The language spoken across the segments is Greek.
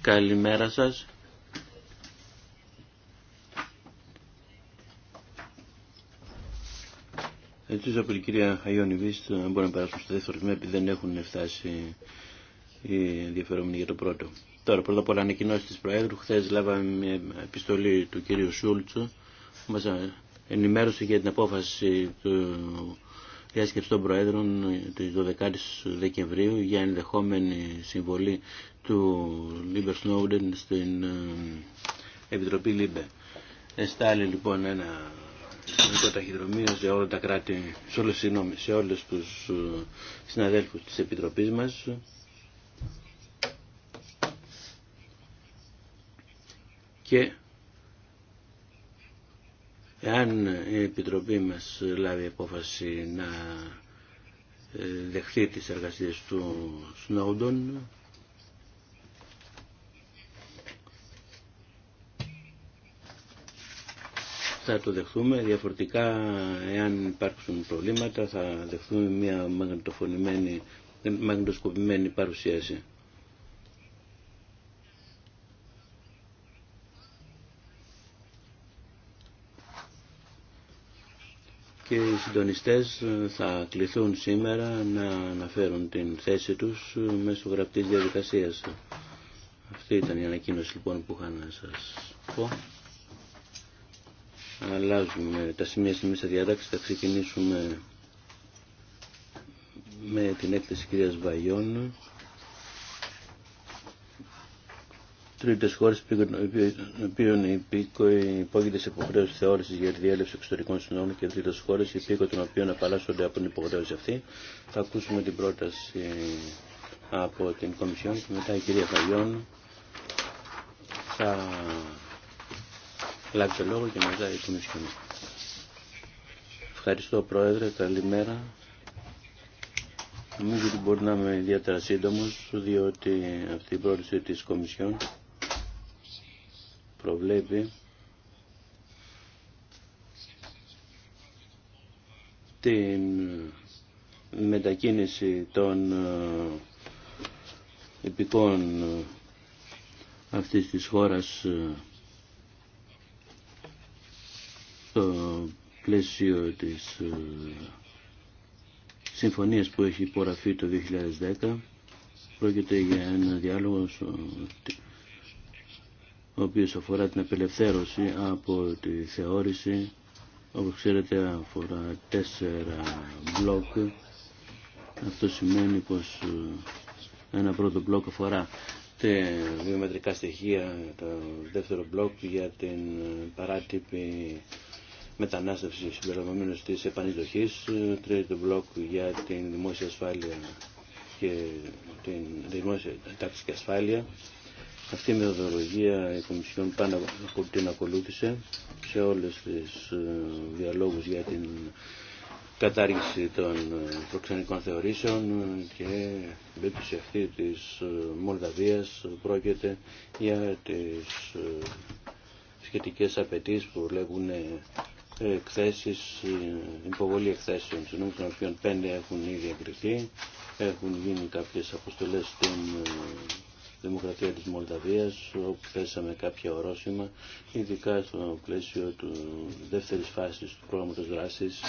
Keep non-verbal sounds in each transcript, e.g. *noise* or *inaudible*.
Καλημέρα σας. Ελπίζω από την κυρία Χαϊόνι Βίστ να μπορεί να περάσουν στο δεύτερο τμήμα επειδή δεν έχουν φτάσει οι ενδιαφερόμενοι για το πρώτο. Τώρα, πρώτα απ' όλα, ανακοινώσει τη Προέδρου. Χθε λάβαμε μια επιστολή του κυρίου Σούλτσου. που μα ενημέρωσε για την απόφαση του διάσκεψη των Προέδρων της 12 Δεκεμβρίου για ενδεχόμενη συμβολή του Λίμπερ Σνόουντεν στην ε, Επιτροπή Λίμπε. Εστάλει λοιπόν ένα κοινωνικό ταχυδρομείο σε όλα τα κράτη, σε όλες, συγνώμη, σε όλες τους ε, συναδέλφους της Επιτροπής μας. Και Εάν η Επιτροπή μας λάβει απόφαση να ε, δεχθεί τις εργασίες του Σνόντον, θα το δεχθούμε, διαφορετικά εάν υπάρξουν προβλήματα θα δεχθούμε μια μαγνητοφωνημένη, μαγνητοσκοπημένη παρουσίαση. και οι συντονιστές ε, θα κληθούν σήμερα να αναφέρουν την θέση τους ε, μέσω γραπτής διαδικασίας. Αυτή ήταν η ανακοίνωση λοιπόν που είχα να σας πω. Αλλάζουμε τα σημεία στη μέσα διάταξη, θα ξεκινήσουμε με την έκθεση κυρίας Βαϊόν. τρίτε χώρε οποίων οι υπήκοοι υπόκειται σε υποχρέωση θεώρηση για τη διέλευση εξωτερικών συνόρων και τρίτε χώρε οι υπήκοοι των οποίων απαλλάσσονται από την υποχρέωση αυτή. Θα ακούσουμε την πρόταση από την Κομισιόν και μετά η κυρία Φαγιών θα λάβει το λόγο και μετά η Κομισιόν. Ευχαριστώ Πρόεδρε, καλημέρα. Νομίζω ότι μπορεί να είμαι ιδιαίτερα σύντομο, διότι αυτή η πρόταση της Κομισιόν προβλέπει την μετακίνηση των επικών ε, αυτής της χώρας ε, στο πλαίσιο της ε, συμφωνίας που έχει υπογραφεί το 2010 πρόκειται για ένα διάλογο ο οποίος αφορά την απελευθέρωση από τη θεώρηση όπως ξέρετε αφορά τέσσερα μπλοκ αυτό σημαίνει πως ε, ένα πρώτο μπλοκ αφορά τα βιομετρικά στοιχεία το δεύτερο μπλοκ για την ε, παράτυπη μετανάστευση συμπεριλαμβανομένως της το ε, τρίτο μπλοκ για την δημόσια ασφάλεια και την δημόσια τάξη και ασφάλεια αυτή η μεθοδολογία η Κομισιόν πάνω την ακολούθησε σε όλες τις ε, διαλόγους για την κατάργηση των ε, προξενικών θεωρήσεων και περίπτωση αυτή της ε, Μολδαβίας πρόκειται για τις σχετικές απαιτήσεις που βλέπουν εκθέσεις, υποβολή εκθέσεων, των οποίων πέντε έχουν ήδη εγκριθεί, έχουν γίνει κάποιες αποστολές των δημοκρατία της Μολδαβίας όπου θέσαμε κάποια ορόσημα ειδικά στο πλαίσιο του δεύτερης φάσης του πρόγραμματος δράσης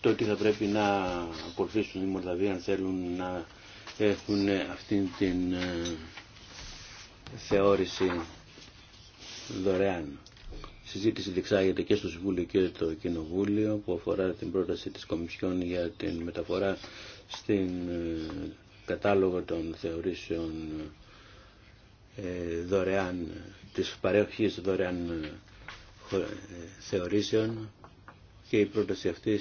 το ότι θα πρέπει να ακολουθήσουν οι Μολδαβοί αν θέλουν να έχουν αυτήν την ε, θεώρηση δωρεάν συζήτηση διεξάγεται και στο Συμβούλιο και το Κοινοβούλιο που αφορά την πρόταση της Κομισιόν για την μεταφορά στην ε, κατάλογο των θεωρήσεων ε, δωρεάν, της παρέχης δωρεάν ε, θεωρήσεων και η πρόταση αυτή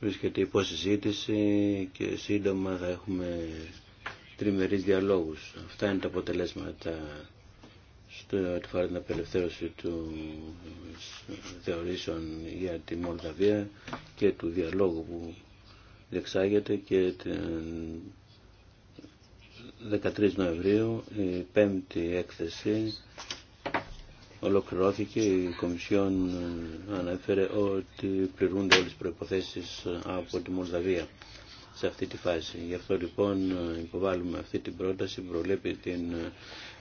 βρίσκεται υπό συζήτηση και σύντομα θα έχουμε τριμερείς διαλόγους. Αυτά είναι τα αποτελέσματα στο αφορά την απελευθέρωση του θεωρήσεων για τη Μολδαβία και του διαλόγου που διεξάγεται και την 13 Νοεμβρίου η πέμπτη έκθεση ολοκληρώθηκε η Κομισιόν ανέφερε ότι πληρούνται όλες τις προϋποθέσεις από τη Μολδαβία σε αυτή τη φάση. Γι' αυτό λοιπόν υποβάλλουμε αυτή την πρόταση που προβλέπει την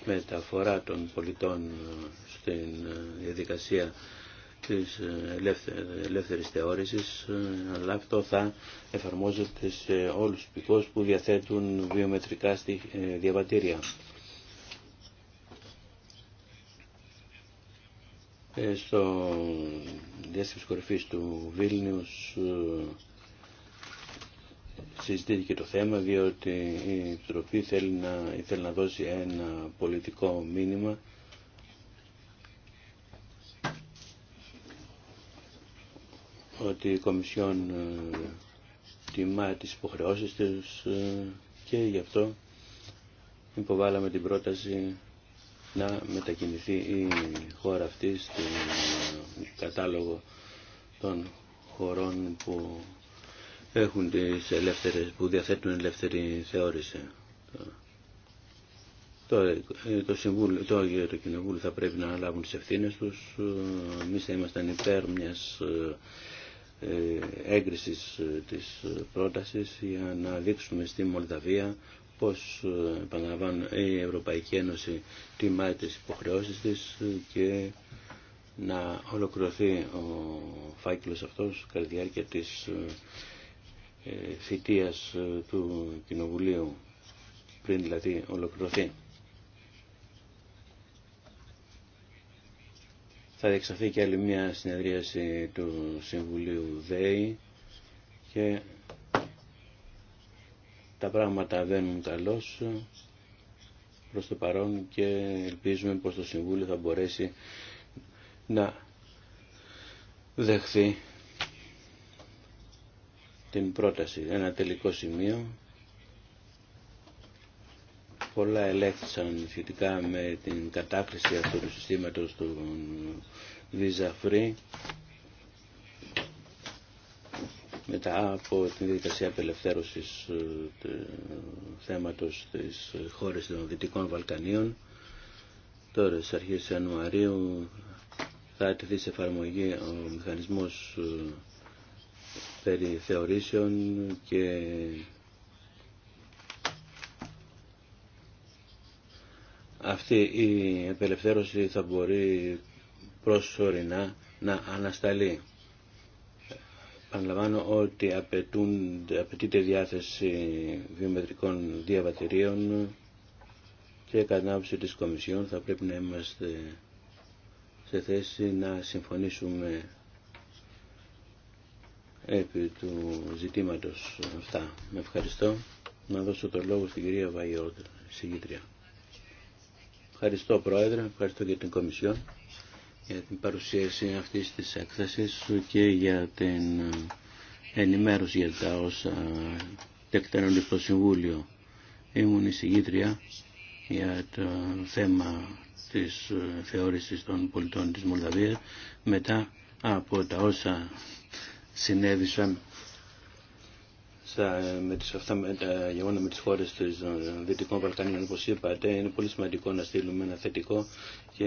μεταφορά των πολιτών στην διαδικασία της ελεύθερης θεώρησης, αλλά αυτό θα εφαρμόζεται σε όλους τους πικούς που διαθέτουν βιομετρικά στη ε, διαβατήρια. Ε, στο της κορυφής του Βίλνιους ε, συζητήθηκε το θέμα διότι η Επιτροπή θέλει να, θέλει να δώσει ένα πολιτικό μήνυμα ότι η Κομισιόν ε, τιμά τις υποχρεώσεις της ε, και γι' αυτό υποβάλαμε την πρόταση να μετακινηθεί η χώρα αυτή στην ε, κατάλογο των χωρών που έχουν τις ελεύθερες, που διαθέτουν ελεύθερη θεώρηση. Το, το, το, Κοινοβούλιο θα πρέπει να λάβουν τις ευθύνες τους. Εμεί θα ήμασταν υπέρ μιας ε, έγκρισης ε, της πρότασης για να δείξουμε στη Μολδαβία πως ε, επαναλαμβάνω η Ευρωπαϊκή Ένωση τιμάει τις υποχρεώσεις της και να ολοκληρωθεί ο φάκελος αυτός κατά τη διάρκεια της θητείας ε, του Κοινοβουλίου πριν δηλαδή ολοκληρωθεί. Θα διεξαχθεί και άλλη μια συνεδρίαση του Συμβουλίου ΔΕΗ και τα πράγματα βαίνουν καλώς προς το παρόν και ελπίζουμε πως το Συμβούλιο θα μπορέσει να δεχθεί την πρόταση. Ένα τελικό σημείο. Πολλά ελέγχθησαν σχετικά με την κατάκριση αυτού του συστήματος του Visa Free μετά από την διαδικασία απελευθέρωσης ε, του θέματος της χώρες των Δυτικών Βαλκανίων. Τώρα, στις αρχές Ιανουαρίου, θα τεθεί σε εφαρμογή ο μηχανισμός ε, περί θεωρήσεων και αυτή η απελευθέρωση θα μπορεί προσωρινά να ανασταλεί. Παναλαμβάνω ότι απαιτούν, απαιτείται διάθεση βιομετρικών διαβατηρίων και κατά άποψη της Κομισιόν θα πρέπει να είμαστε σε θέση να συμφωνήσουμε επί του ζητήματος αυτά. Με ευχαριστώ. Να δώσω το λόγο στην κυρία Βαϊόντ, συγγήτρια. Ευχαριστώ Πρόεδρε, ευχαριστώ και την Κομισιόν για την παρουσίαση αυτής της έκθεσης και για την ενημέρωση για τα όσα τεκτενώνει στο Συμβούλιο. Ήμουν εισηγήτρια για το θέμα της θεώρησης των πολιτών της Μολδαβίας μετά από τα όσα συνέβησαν με τις, αυτά με τα γεγονότα με τις χώρες της Δυτικών Βαλκανίων όπως είπατε είναι πολύ σημαντικό να στείλουμε ένα θετικό και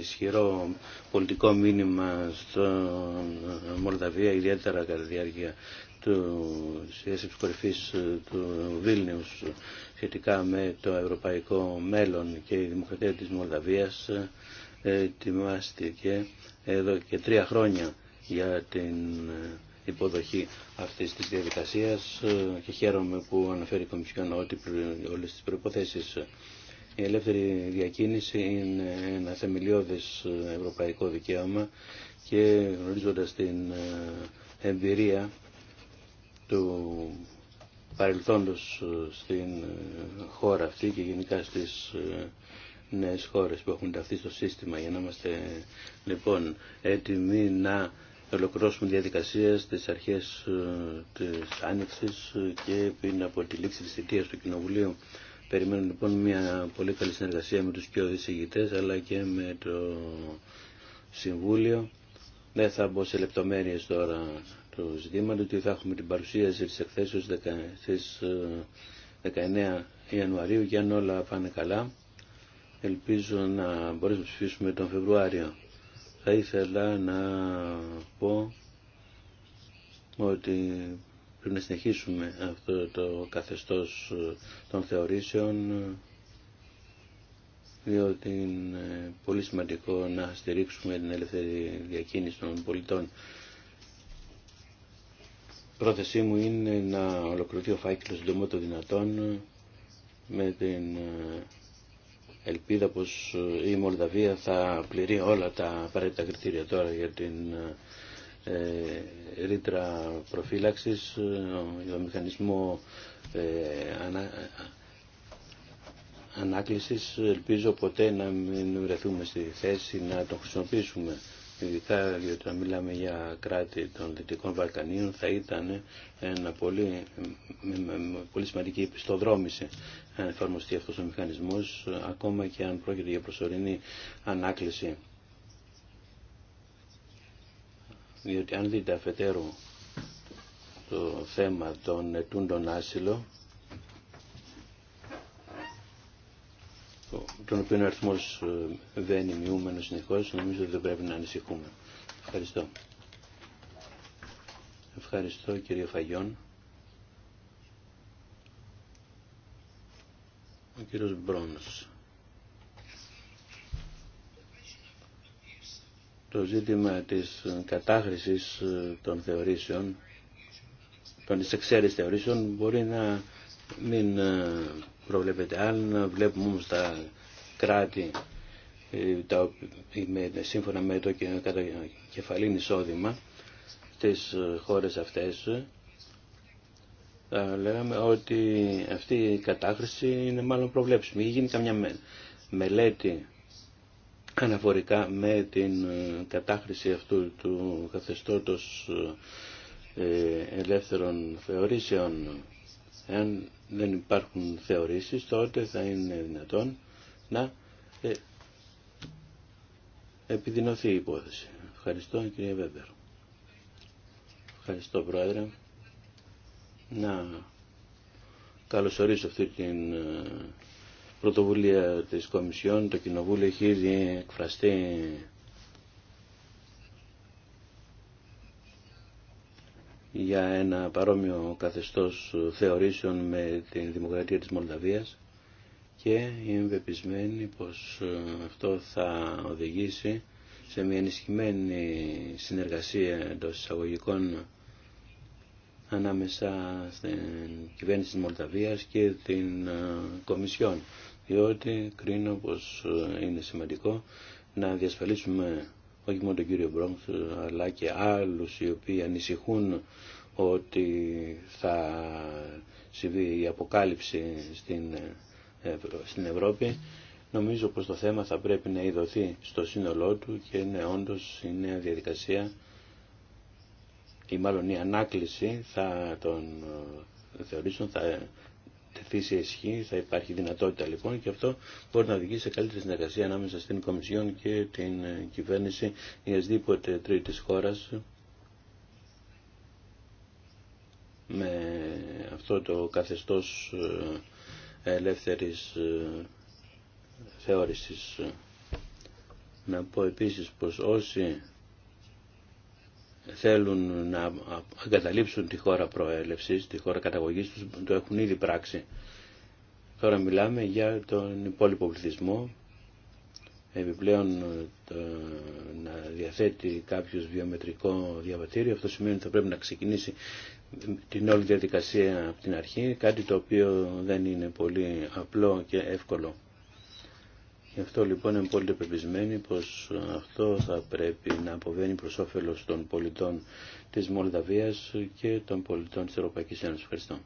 ισχυρό πολιτικό μήνυμα στον Μολδαβία ιδιαίτερα κατά τη διάρκεια του διάσκεψης κορυφής του Βίλνιους σχετικά με το ευρωπαϊκό μέλλον και η δημοκρατία της Μολδαβίας ε, ετοιμάστηκε εδώ και τρία χρόνια για την ε, υποδοχή αυτής της διαδικασίας ε, και χαίρομαι που αναφέρει η Κομισιόν ότι όλες τις προϋποθέσεις η ελεύθερη διακίνηση είναι ένα θεμελιώδες ε, ευρωπαϊκό δικαίωμα και γνωρίζοντας την ε, εμπειρία του παρελθόντος στην χώρα αυτή και γενικά στις νέες χώρες που έχουν ταχθεί στο σύστημα για να είμαστε λοιπόν έτοιμοι να ολοκληρώσουμε διαδικασία στι αρχέ ε, τη Άνοιξη ε, και πριν από τη λήξη τη θητεία του Κοινοβουλίου. Περιμένω λοιπόν μια πολύ καλή συνεργασία με τους πιο εισηγητέ αλλά και με το Συμβούλιο. Δεν θα μπω σε λεπτομέρειε τώρα του ζητήματο ότι θα έχουμε την παρουσίαση της εκθέσεως στι 19 ε, Ιανουαρίου και αν όλα πάνε καλά ελπίζω να μπορέσουμε να ψηφίσουμε τον Φεβρουάριο θα ήθελα να πω ότι πρέπει να συνεχίσουμε αυτό το καθεστώς των θεωρήσεων διότι είναι πολύ σημαντικό να στηρίξουμε την ελεύθερη διακίνηση των πολιτών. Πρόθεσή μου είναι να ολοκληρωθεί ο φάκελος συντομό δυνατών με την ελπίδα πως ε, η Μολδαβία θα πληρεί όλα τα απαραίτητα κριτήρια τώρα για την ε, ρήτρα προφύλαξης, ε, για μηχανισμό ε, ανα, ανάκλησης. Ελπίζω ποτέ να μην βρεθούμε στη θέση να τον χρησιμοποιήσουμε. Ειδικά διότι όταν μιλάμε για κράτη των Δυτικών Βαλκανίων θα ήταν ένα πολύ, πολύ σημαντική επιστοδρόμηση εφαρμοστεί αυτός ο μηχανισμός ακόμα και αν πρόκειται για προσωρινή ανάκληση. Διότι αν δείτε αφετέρου το θέμα των ετούντων άσυλο τον οποίο ο αριθμό ε, δεν είναι μειούμενο συνεχώ, νομίζω ότι δεν πρέπει να ανησυχούμε. Ευχαριστώ. Ευχαριστώ κύριε Φαγιόν. Το ζήτημα της κατάχρησης των θεωρήσεων, των εξαίρεσης θεωρήσεων, μπορεί να μην προβλέπεται. Αν βλέπουμε όμως τα κράτη ε, τα, σύμφωνα με το κεφαλήν εισόδημα στις ε, χώρες αυτές θα ε, λέγαμε ότι αυτή η κατάχρηση είναι μάλλον προβλέψιμη. Ή γίνει καμιά μελέτη αναφορικά με την ε, κατάχρηση αυτού του καθεστώτος ε, ελεύθερων θεωρήσεων. Εάν δεν υπάρχουν θεωρήσεις, τότε θα είναι δυνατόν να επιδεινωθεί η υπόθεση. Ευχαριστώ κύριε Βέμπερ. Ευχαριστώ πρόεδρε να καλωσορίσω αυτή την ε, πρωτοβουλία της Κομισιόν. Το Κοινοβούλιο έχει ήδη εκφραστεί για ένα παρόμοιο καθεστώς θεωρήσεων με τη Δημοκρατία της Μολδαβίας και είμαι πεπισμένη πως ε, αυτό θα οδηγήσει σε μια ενισχυμένη συνεργασία εντός εισαγωγικών ανάμεσα στην κυβέρνηση της Μολδαβίας και την ε, Κομισιόν διότι κρίνω πως ε, είναι σημαντικό να διασφαλίσουμε όχι μόνο τον κύριο Μπρόγκ αλλά και άλλους οι οποίοι ανησυχούν ότι θα συμβεί η αποκάλυψη στην, ε, στην Ευρώπη νομίζω πως το θέμα θα πρέπει να ειδωθεί στο σύνολό του και είναι όντως η νέα διαδικασία ή μάλλον η ανάκληση θα τον ε, θεωρήσουν, θα τεθεί σε ισχύ, θα υπάρχει δυνατότητα λοιπόν και αυτό μπορεί να οδηγήσει σε καλύτερη συνεργασία ανάμεσα στην Κομισιόν και την ε, κυβέρνηση ιασδήποτε τρίτης χώρα με αυτό το καθεστώς ε, ελεύθερης θεώρησης. Να πω επίσης πως όσοι θέλουν να εγκαταλείψουν τη χώρα προέλευσης, τη χώρα καταγωγής τους, το έχουν ήδη πράξει. Τώρα μιλάμε για τον υπόλοιπο πληθυσμό, επιπλέον το, να διαθέτει κάποιος βιομετρικό διαβατήριο, αυτό σημαίνει ότι θα πρέπει να ξεκινήσει την όλη διαδικασία από την αρχή, κάτι το οποίο δεν είναι πολύ απλό και εύκολο. Γι' αυτό λοιπόν είμαι πολύ πεπισμένοι πως αυτό θα πρέπει να αποβαίνει προς όφελος των πολιτών της Μολδαβίας και των πολιτών της Ευρωπαϊκής Ένωσης. Ευχαριστώ.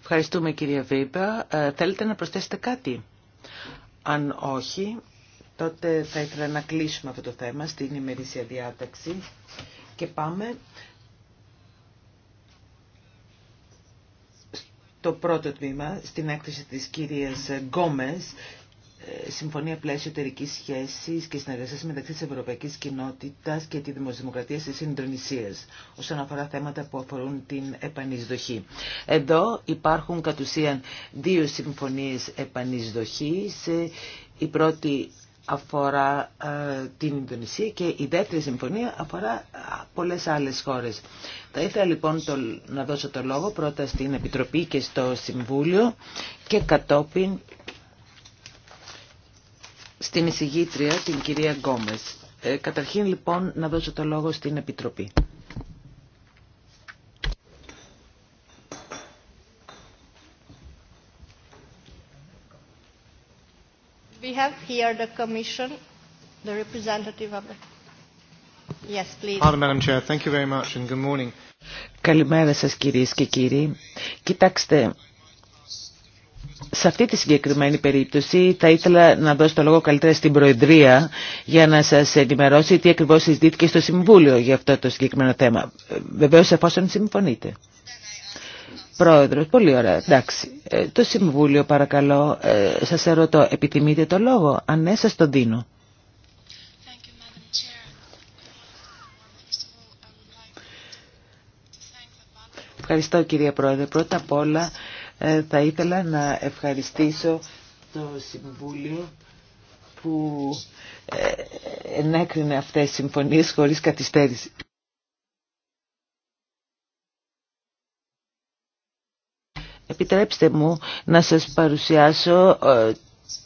Ευχαριστούμε κυρία Βίμπα. Ε, θέλετε να προσθέσετε κάτι. Αν όχι, τότε θα ήθελα να κλείσουμε αυτό το θέμα στην ημερήσια διάταξη και πάμε το πρώτο τμήμα στην έκθεση της κυρίας Γκόμες ε, Συμφωνία πλαίσιο εταιρική σχέση και συνεργασία μεταξύ τη Ευρωπαϊκή Κοινότητα και τη Δημοσιοδημοκρατία τη Ινδονησία όσον αφορά θέματα που αφορούν την επανεισδοχή. Εδώ υπάρχουν κατ' ουσίαν δύο συμφωνίε επανεισδοχή. Ε, η πρώτη αφορά ε, την Ινδονησία και η δεύτερη συμφωνία αφορά ε, πολλές άλλες χώρες. Θα ήθελα λοιπόν να δώσω το λόγο πρώτα στην Επιτροπή και στο Συμβούλιο και κατόπιν στην εισηγήτρια την κυρία Γκόμες. Ε, καταρχήν λοιπόν να δώσω το λόγο στην Επιτροπή. Καλημέρα σας κυρίες και κύριοι. Κοιτάξτε, σε αυτή τη συγκεκριμένη περίπτωση θα ήθελα να δώσω το λόγο καλύτερα στην Προεδρία για να σας ενημερώσει τι ακριβώς συζητήθηκε στο Συμβούλιο για αυτό το συγκεκριμένο θέμα. Βεβαίως εφόσον συμφωνείτε. Πρόεδρος, πολύ ωραία. Εντάξει. Ε, το Συμβούλιο παρακαλώ, ε, σας ερωτώ, επιθυμείτε το λόγο. Αν ναι, σας τον δίνω. Ευχαριστώ κυρία Πρόεδρε. Πρώτα απ' όλα ε, θα ήθελα να ευχαριστήσω το Συμβούλιο που ε, ενέκρινε αυτές τις συμφωνίες χωρίς καθυστέρηση. Επιτρέψτε μου να σας παρουσιάσω ε,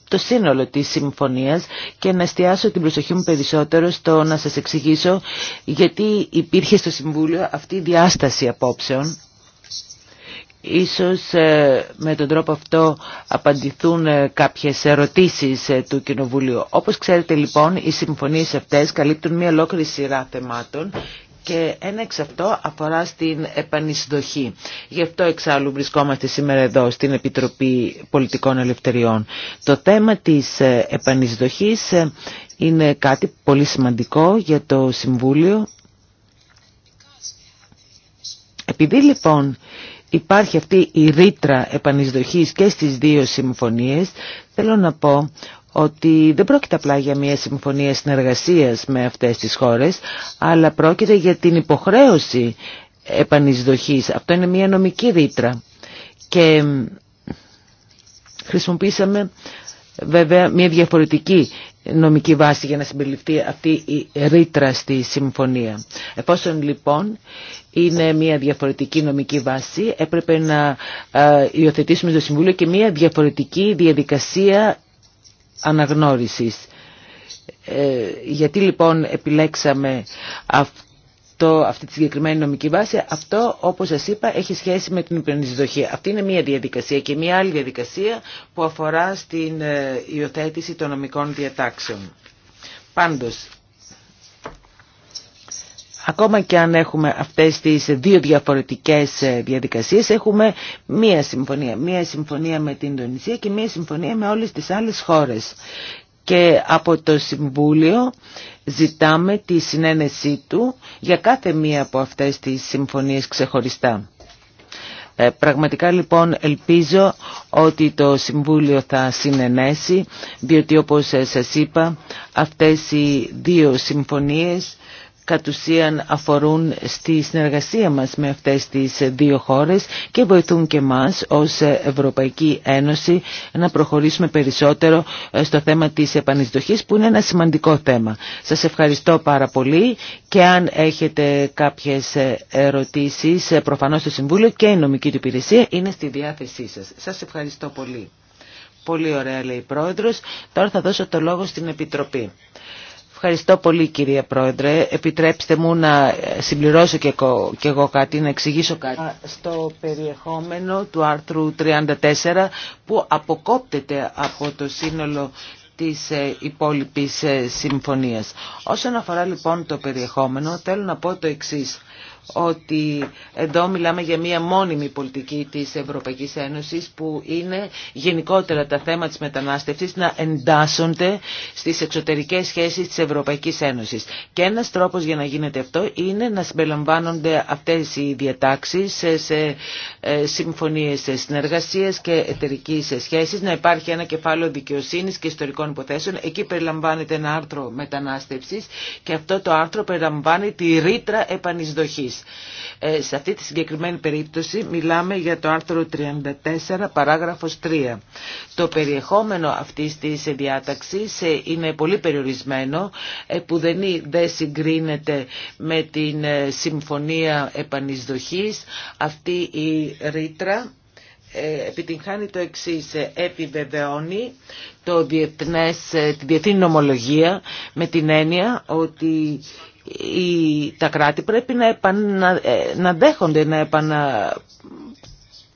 το σύνολο της συμφωνίας και να εστιάσω την προσοχή μου περισσότερο στο να σας εξηγήσω γιατί υπήρχε στο Συμβούλιο αυτή η διάσταση απόψεων. Ίσως ε, με τον τρόπο αυτό απαντηθούν ε, κάποιες ερωτήσεις του Κοινοβουλίου. Όπως ξέρετε λοιπόν οι συμφωνίες αυτές καλύπτουν μια ολόκληρη σειρά θεμάτων και ένα εξ αυτό αφορά στην επανεισδοχή. Γι' αυτό εξάλλου βρισκόμαστε σήμερα εδώ στην Επιτροπή Πολιτικών Ελευθεριών. Το θέμα της ε, επανεισδοχής ε, είναι κάτι πολύ σημαντικό για το Συμβούλιο. Επειδή λοιπόν υπάρχει αυτή η ρήτρα επανεισδοχής και στις δύο συμφωνίες, θέλω να πω ότι δεν πρόκειται απλά για μια συμφωνία συνεργασίας με αυτές τις χώρες, αλλά πρόκειται για την υποχρέωση επανεισδοχής. Αυτό είναι μια νομική ρήτρα. Και χρησιμοποίησαμε βέβαια μια διαφορετική νομική βάση για να συμπεριληφθεί αυτή η ρήτρα στη συμφωνία. Εφόσον λοιπόν είναι μια διαφορετική νομική βάση, έπρεπε να ε, υιοθετήσουμε στο Συμβούλιο και μια διαφορετική διαδικασία αναγνώρισης. Ε, γιατί λοιπόν επιλέξαμε αυτό, αυτή τη συγκεκριμένη νομική βάση, αυτό όπως σας είπα έχει σχέση με την υπηρεσιδοχή. Αυτή είναι μία διαδικασία και μία άλλη διαδικασία που αφορά στην ε, υιοθέτηση των νομικών διατάξεων. Πάντως, Ακόμα και αν έχουμε αυτές τις δύο διαφορετικές ε, διαδικασίες, έχουμε μία συμφωνία. Μία συμφωνία με την Ινδονησία και μία συμφωνία με όλες τις άλλες χώρες. Και από το Συμβούλιο ζητάμε τη συνένεσή του για κάθε μία από αυτές τις συμφωνίες ξεχωριστά. Ε, πραγματικά λοιπόν ελπίζω ότι το Συμβούλιο θα συνενέσει, διότι όπως ε, σας είπα αυτές οι δύο συμφωνίες κατ' ουσίαν αφορούν στη συνεργασία μας με αυτές τις δύο χώρες και βοηθούν και μας ως Ευρωπαϊκή Ένωση να προχωρήσουμε περισσότερο ε, στο θέμα της επανεισδοχής που είναι ένα σημαντικό θέμα. Σας ευχαριστώ πάρα πολύ και αν έχετε κάποιες ε, ερωτήσεις ε, προφανώς το Συμβούλιο και η νομική του υπηρεσία είναι στη διάθεσή σας. Σας ευχαριστώ πολύ. Πολύ ωραία λέει η Πρόεδρος. Τώρα θα δώσω το λόγο στην Επιτροπή. Ευχαριστώ πολύ κυρία Πρόεδρε. Επιτρέψτε μου να συμπληρώσω και εγώ, κάτι, να εξηγήσω κάτι. Στο περιεχόμενο του άρθρου 34 που αποκόπτεται από το σύνολο της ε, υπόλοιπης ε, συμφωνίας. Όσον αφορά λοιπόν το περιεχόμενο θέλω να πω το εξής ότι εδώ μιλάμε για μια μόνιμη πολιτική της Ευρωπαϊκής Ένωσης που είναι γενικότερα τα θέματα της μετανάστευσης να εντάσσονται στις εξωτερικές σχέσεις της Ευρωπαϊκής Ένωσης. Και ένας τρόπος για να γίνεται αυτό είναι να συμπεριλαμβάνονται αυτές οι διατάξεις σε ε, συμφωνίες συνεργασίας και εταιρικές σχέσεις, να υπάρχει ένα κεφάλαιο δικαιοσύνης και ιστορικών υποθέσεων. Εκεί περιλαμβάνεται ένα άρθρο μετανάστευσης και αυτό το άρθρο περιλαμβάνει τη ρήτρα επανεισδοχής. Ε, σε αυτή τη συγκεκριμένη περίπτωση μιλάμε για το άρθρο 34 παράγραφος 3. Το περιεχόμενο αυτής της διάταξης ε, είναι πολύ περιορισμένο ε, που δεν, δεν συγκρίνεται με την συμφωνία επανεισδοχής. Αυτή η ρήτρα επιτυγχάνει το εξής, επιβεβαιώνει το διεθνές, τη διεθνή νομολογία με την έννοια ότι τα κράτη πρέπει να, επαν να ε, δέχονται να,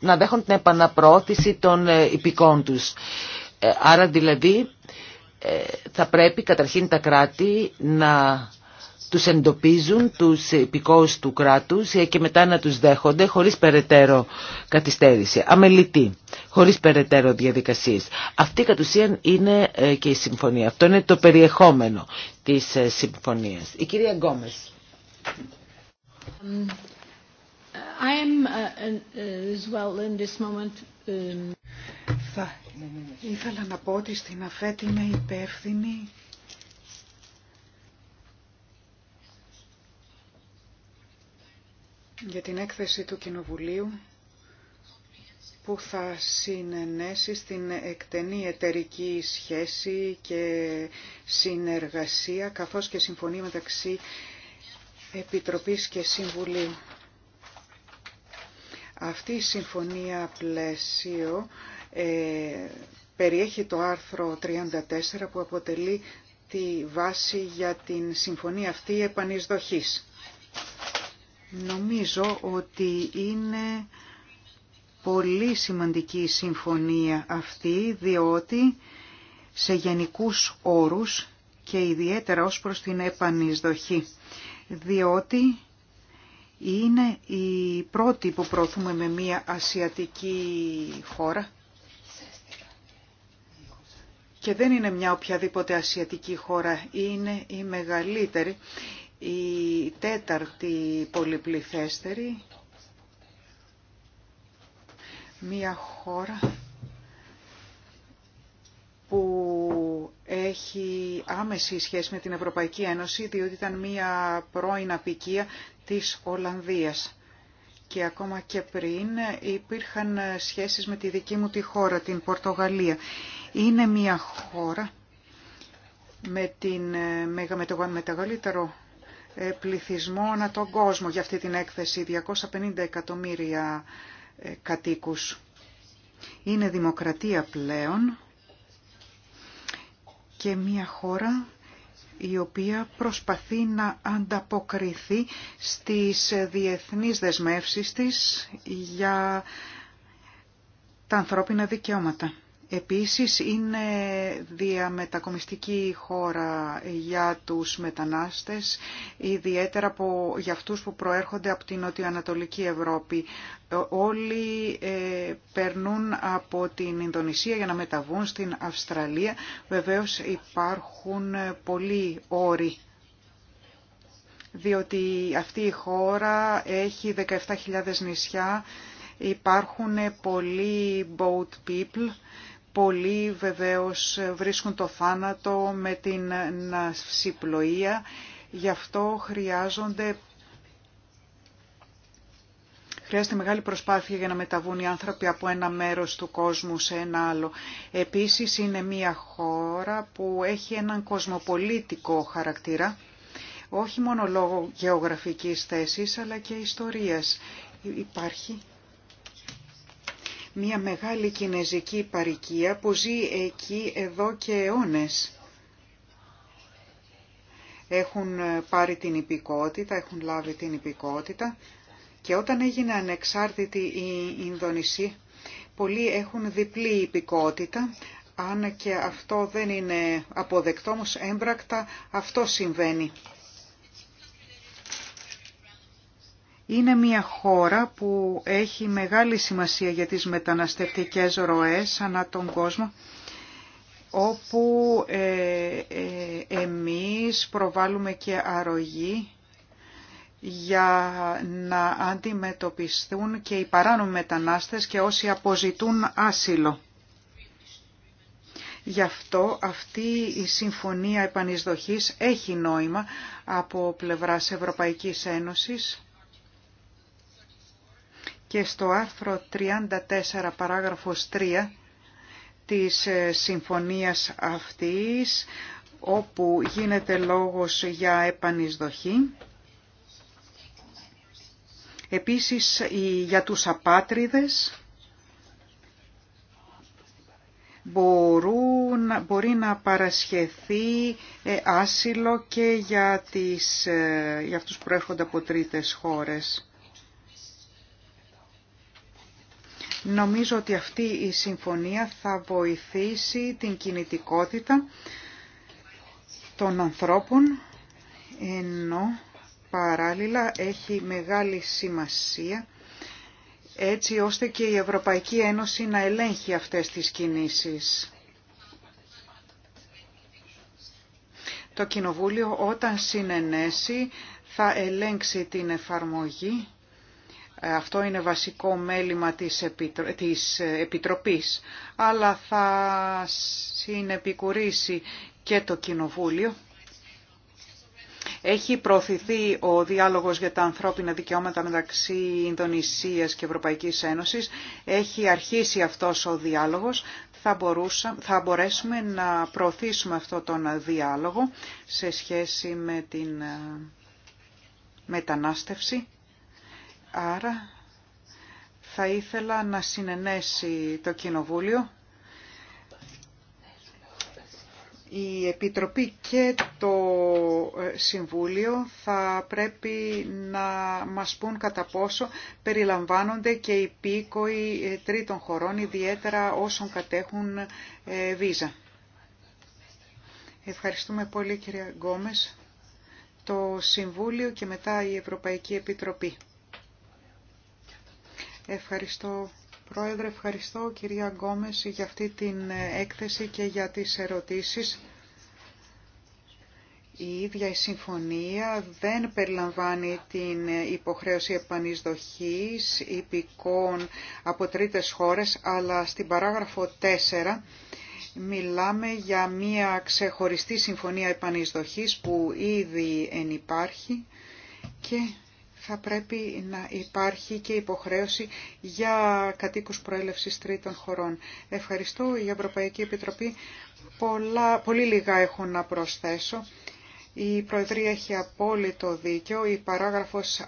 να δέχονται την επαναπρόθεση των ε, υπηκών τους. Ε, άρα δηλαδή θα πρέπει καταρχήν τα κράτη να τους εντοπίζουν τους υπηκόους του κράτους ε, και μετά να τους δέχονται χωρίς περαιτέρω καθυστέρηση, αμελητή, χωρίς περαιτέρω διαδικασίες. Αυτή κατ' ουσίαν είναι ε, και η συμφωνία. Αυτό είναι το περιεχόμενο της ε, συμφωνίας. Η κυρία Γκόμες. ήθελα να πω ότι στην υπεύθυνη για την έκθεση του Κοινοβουλίου που θα συνενέσει στην εκτενή εταιρική σχέση και συνεργασία καθώς και συμφωνία μεταξύ Επιτροπής και Συμβουλίου. Αυτή η συμφωνία πλαίσιο ε, περιέχει το άρθρο 34 που αποτελεί τη βάση για την συμφωνία αυτή επανεισδοχής. Νομίζω ότι είναι πολύ σημαντική η συμφωνία αυτή, διότι σε γενικούς όρους και ιδιαίτερα ως προς την επανεισδοχή, διότι είναι η πρώτη που προωθούμε με μια ασιατική χώρα και δεν είναι μια οποιαδήποτε ασιατική χώρα, είναι η μεγαλύτερη η τέταρτη πολυπληθέστερη, μια χώρα που έχει άμεση σχέση με την Ευρωπαϊκή Ένωση, διότι ήταν μια πρώην απικία της Ολλανδίας. Και ακόμα και πριν υπήρχαν σχέσεις με τη δική μου τη χώρα, την Πορτογαλία. Είναι μια χώρα με, την, με το μεγαλύτερο ε, πληθυσμό ανά τον κόσμο για αυτή την έκθεση, 250 εκατομμύρια ε, κατοίκους. Είναι δημοκρατία πλέον και μια χώρα η οποία προσπαθεί να ανταποκριθεί στις διεθνείς δεσμεύσεις της για τα ανθρώπινα δικαιώματα. Επίσης είναι διαμετακομιστική χώρα για τους μετανάστες, ιδιαίτερα από, για αυτούς που προέρχονται από την νοτιοανατολική Ευρώπη. Όλοι ε, περνούν από την Ινδονησία για να μεταβούν στην Αυστραλία. Βεβαίως υπάρχουν ε, πολλοί όροι διότι αυτή η χώρα έχει 17.000 νησιά, υπάρχουν ε, πολλοί boat people Πολλοί βεβαίως βρίσκουν το θάνατο με την ναυσιπλοεία, γι' αυτό χρειάζονται Χρειάζεται μεγάλη προσπάθεια για να μεταβούν οι άνθρωποι από ένα μέρος του κόσμου σε ένα άλλο. Επίσης είναι μια χώρα που έχει έναν κοσμοπολίτικο χαρακτήρα, όχι μόνο λόγω γεωγραφικής θέσης αλλά και ιστορίας. Υπάρχει μια μεγάλη κινέζικη παρικία, που ζει εκεί εδώ και αιώνες. Έχουν ε, πάρει την υπηκότητα, έχουν λάβει την υπηκότητα και όταν έγινε ανεξάρτητη η Ινδονησία, πολλοί έχουν διπλή υπηκότητα, αν και αυτό δεν είναι αποδεκτό, όμως έμπρακτα αυτό συμβαίνει. είναι μια χώρα που έχει μεγάλη σημασία για τις μεταναστευτικές ροές ανά τον κόσμο όπου ε, ε, εμείς προβάλλουμε και αρρωγή για να αντιμετωπιστούν και οι παράνομοι μετανάστες και όσοι αποζητούν άσυλο. Γι' αυτό αυτή η συμφωνία επανεισδοχής έχει νόημα από πλευράς Ευρωπαϊκής Ένωσης και στο άρθρο 34 παράγραφος 3 της ε, συμφωνίας αυτής όπου γίνεται λόγος για επανεισδοχή. Επίσης για τους απάτριδες μπορούν, μπορεί να παρασχεθεί ε, άσυλο και για, τις, ε, για αυτούς που προέρχονται από τρίτες χώρες. Νομίζω ότι αυτή η συμφωνία θα βοηθήσει την κινητικότητα των ανθρώπων, ενώ παράλληλα έχει μεγάλη σημασία έτσι ώστε και η Ευρωπαϊκή Ένωση να ελέγχει αυτές τις κινήσεις. Το Κοινοβούλιο όταν συνενέσει θα ελέγξει την εφαρμογή αυτό είναι βασικό μέλημα της, της Επιτροπής, αλλά θα συνεπικουρήσει και το Κοινοβούλιο. Έχει προωθηθεί ο διάλογος για τα ανθρώπινα δικαιώματα μεταξύ Ινδονησίας και Ευρωπαϊκής Ένωσης. Έχει αρχίσει αυτός ο διάλογος. Θα, θα μπορέσουμε να προωθήσουμε αυτό τον διάλογο σε σχέση με την ε, μετανάστευση Άρα θα ήθελα να συνενέσει το Κοινοβούλιο η Επιτροπή και το ε, Συμβούλιο θα πρέπει να μας πούν κατά πόσο περιλαμβάνονται και οι πίκοοι ε, τρίτων χωρών, ιδιαίτερα όσων κατέχουν ε, βίζα. Ευχαριστούμε πολύ κυρία Γκόμες, το Συμβούλιο και μετά η Ευρωπαϊκή Επιτροπή. Ευχαριστώ Πρόεδρε, ευχαριστώ κυρία Γκόμες για αυτή την έκθεση και για τις ερωτήσεις. Η ίδια η συμφωνία δεν περιλαμβάνει την υποχρέωση επανεισδοχής υπηκών από τρίτες χώρες, αλλά στην παράγραφο 4 μιλάμε για μια ξεχωριστή συμφωνία επανεισδοχής που ήδη ενυπάρχει και θα πρέπει να υπάρχει και υποχρέωση για κατοίκους προέλευσης τρίτων χωρών. Ευχαριστώ η Ευρωπαϊκή Επιτροπή. Πολλά, πολύ λίγα έχω να προσθέσω. Η Προεδρία έχει απόλυτο δίκιο. Η παράγραφος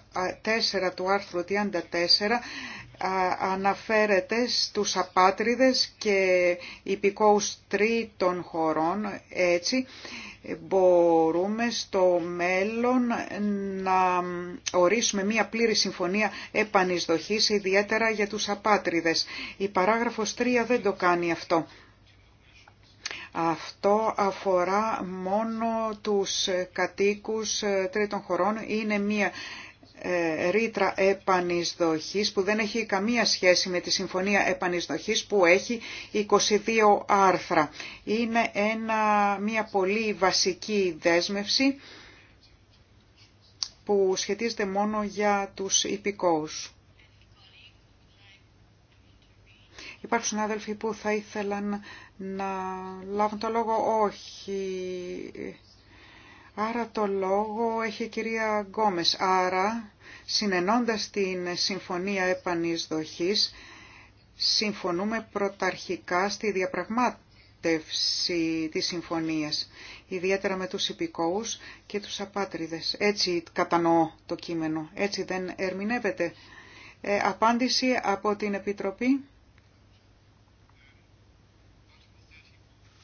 4 του άρθρου 34 αναφέρεται στους απάτριδες και υπηκόους τρίτων χωρών, έτσι μπορούμε στο μέλλον να ορίσουμε μία πλήρη συμφωνία επανεισδοχής, ιδιαίτερα για τους απάτριδες. Η παράγραφος 3 δεν το κάνει αυτό. Αυτό αφορά μόνο τους κατοίκους ε, τρίτων χωρών. Είναι μία ε, ρήτρα επανεισδοχής που δεν έχει καμία σχέση με τη συμφωνία επανεισδοχής που έχει 22 άρθρα. Είναι ένα, μια πολύ βασική δέσμευση που σχετίζεται μόνο για τους υπηκόους. Υπάρχουν συνάδελφοι που θα ήθελαν να λάβουν το λόγο όχι. Άρα το λόγο έχει η κυρία Γκόμες. Άρα, συνενώντας την Συμφωνία δοχής συμφωνούμε πρωταρχικά στη διαπραγμάτευση της συμφωνίας, ιδιαίτερα με τους υπηκόους και τους απάτριδες. Έτσι κατανοώ το κείμενο, έτσι δεν ερμηνεύεται. Ε, απάντηση από την Επιτροπή.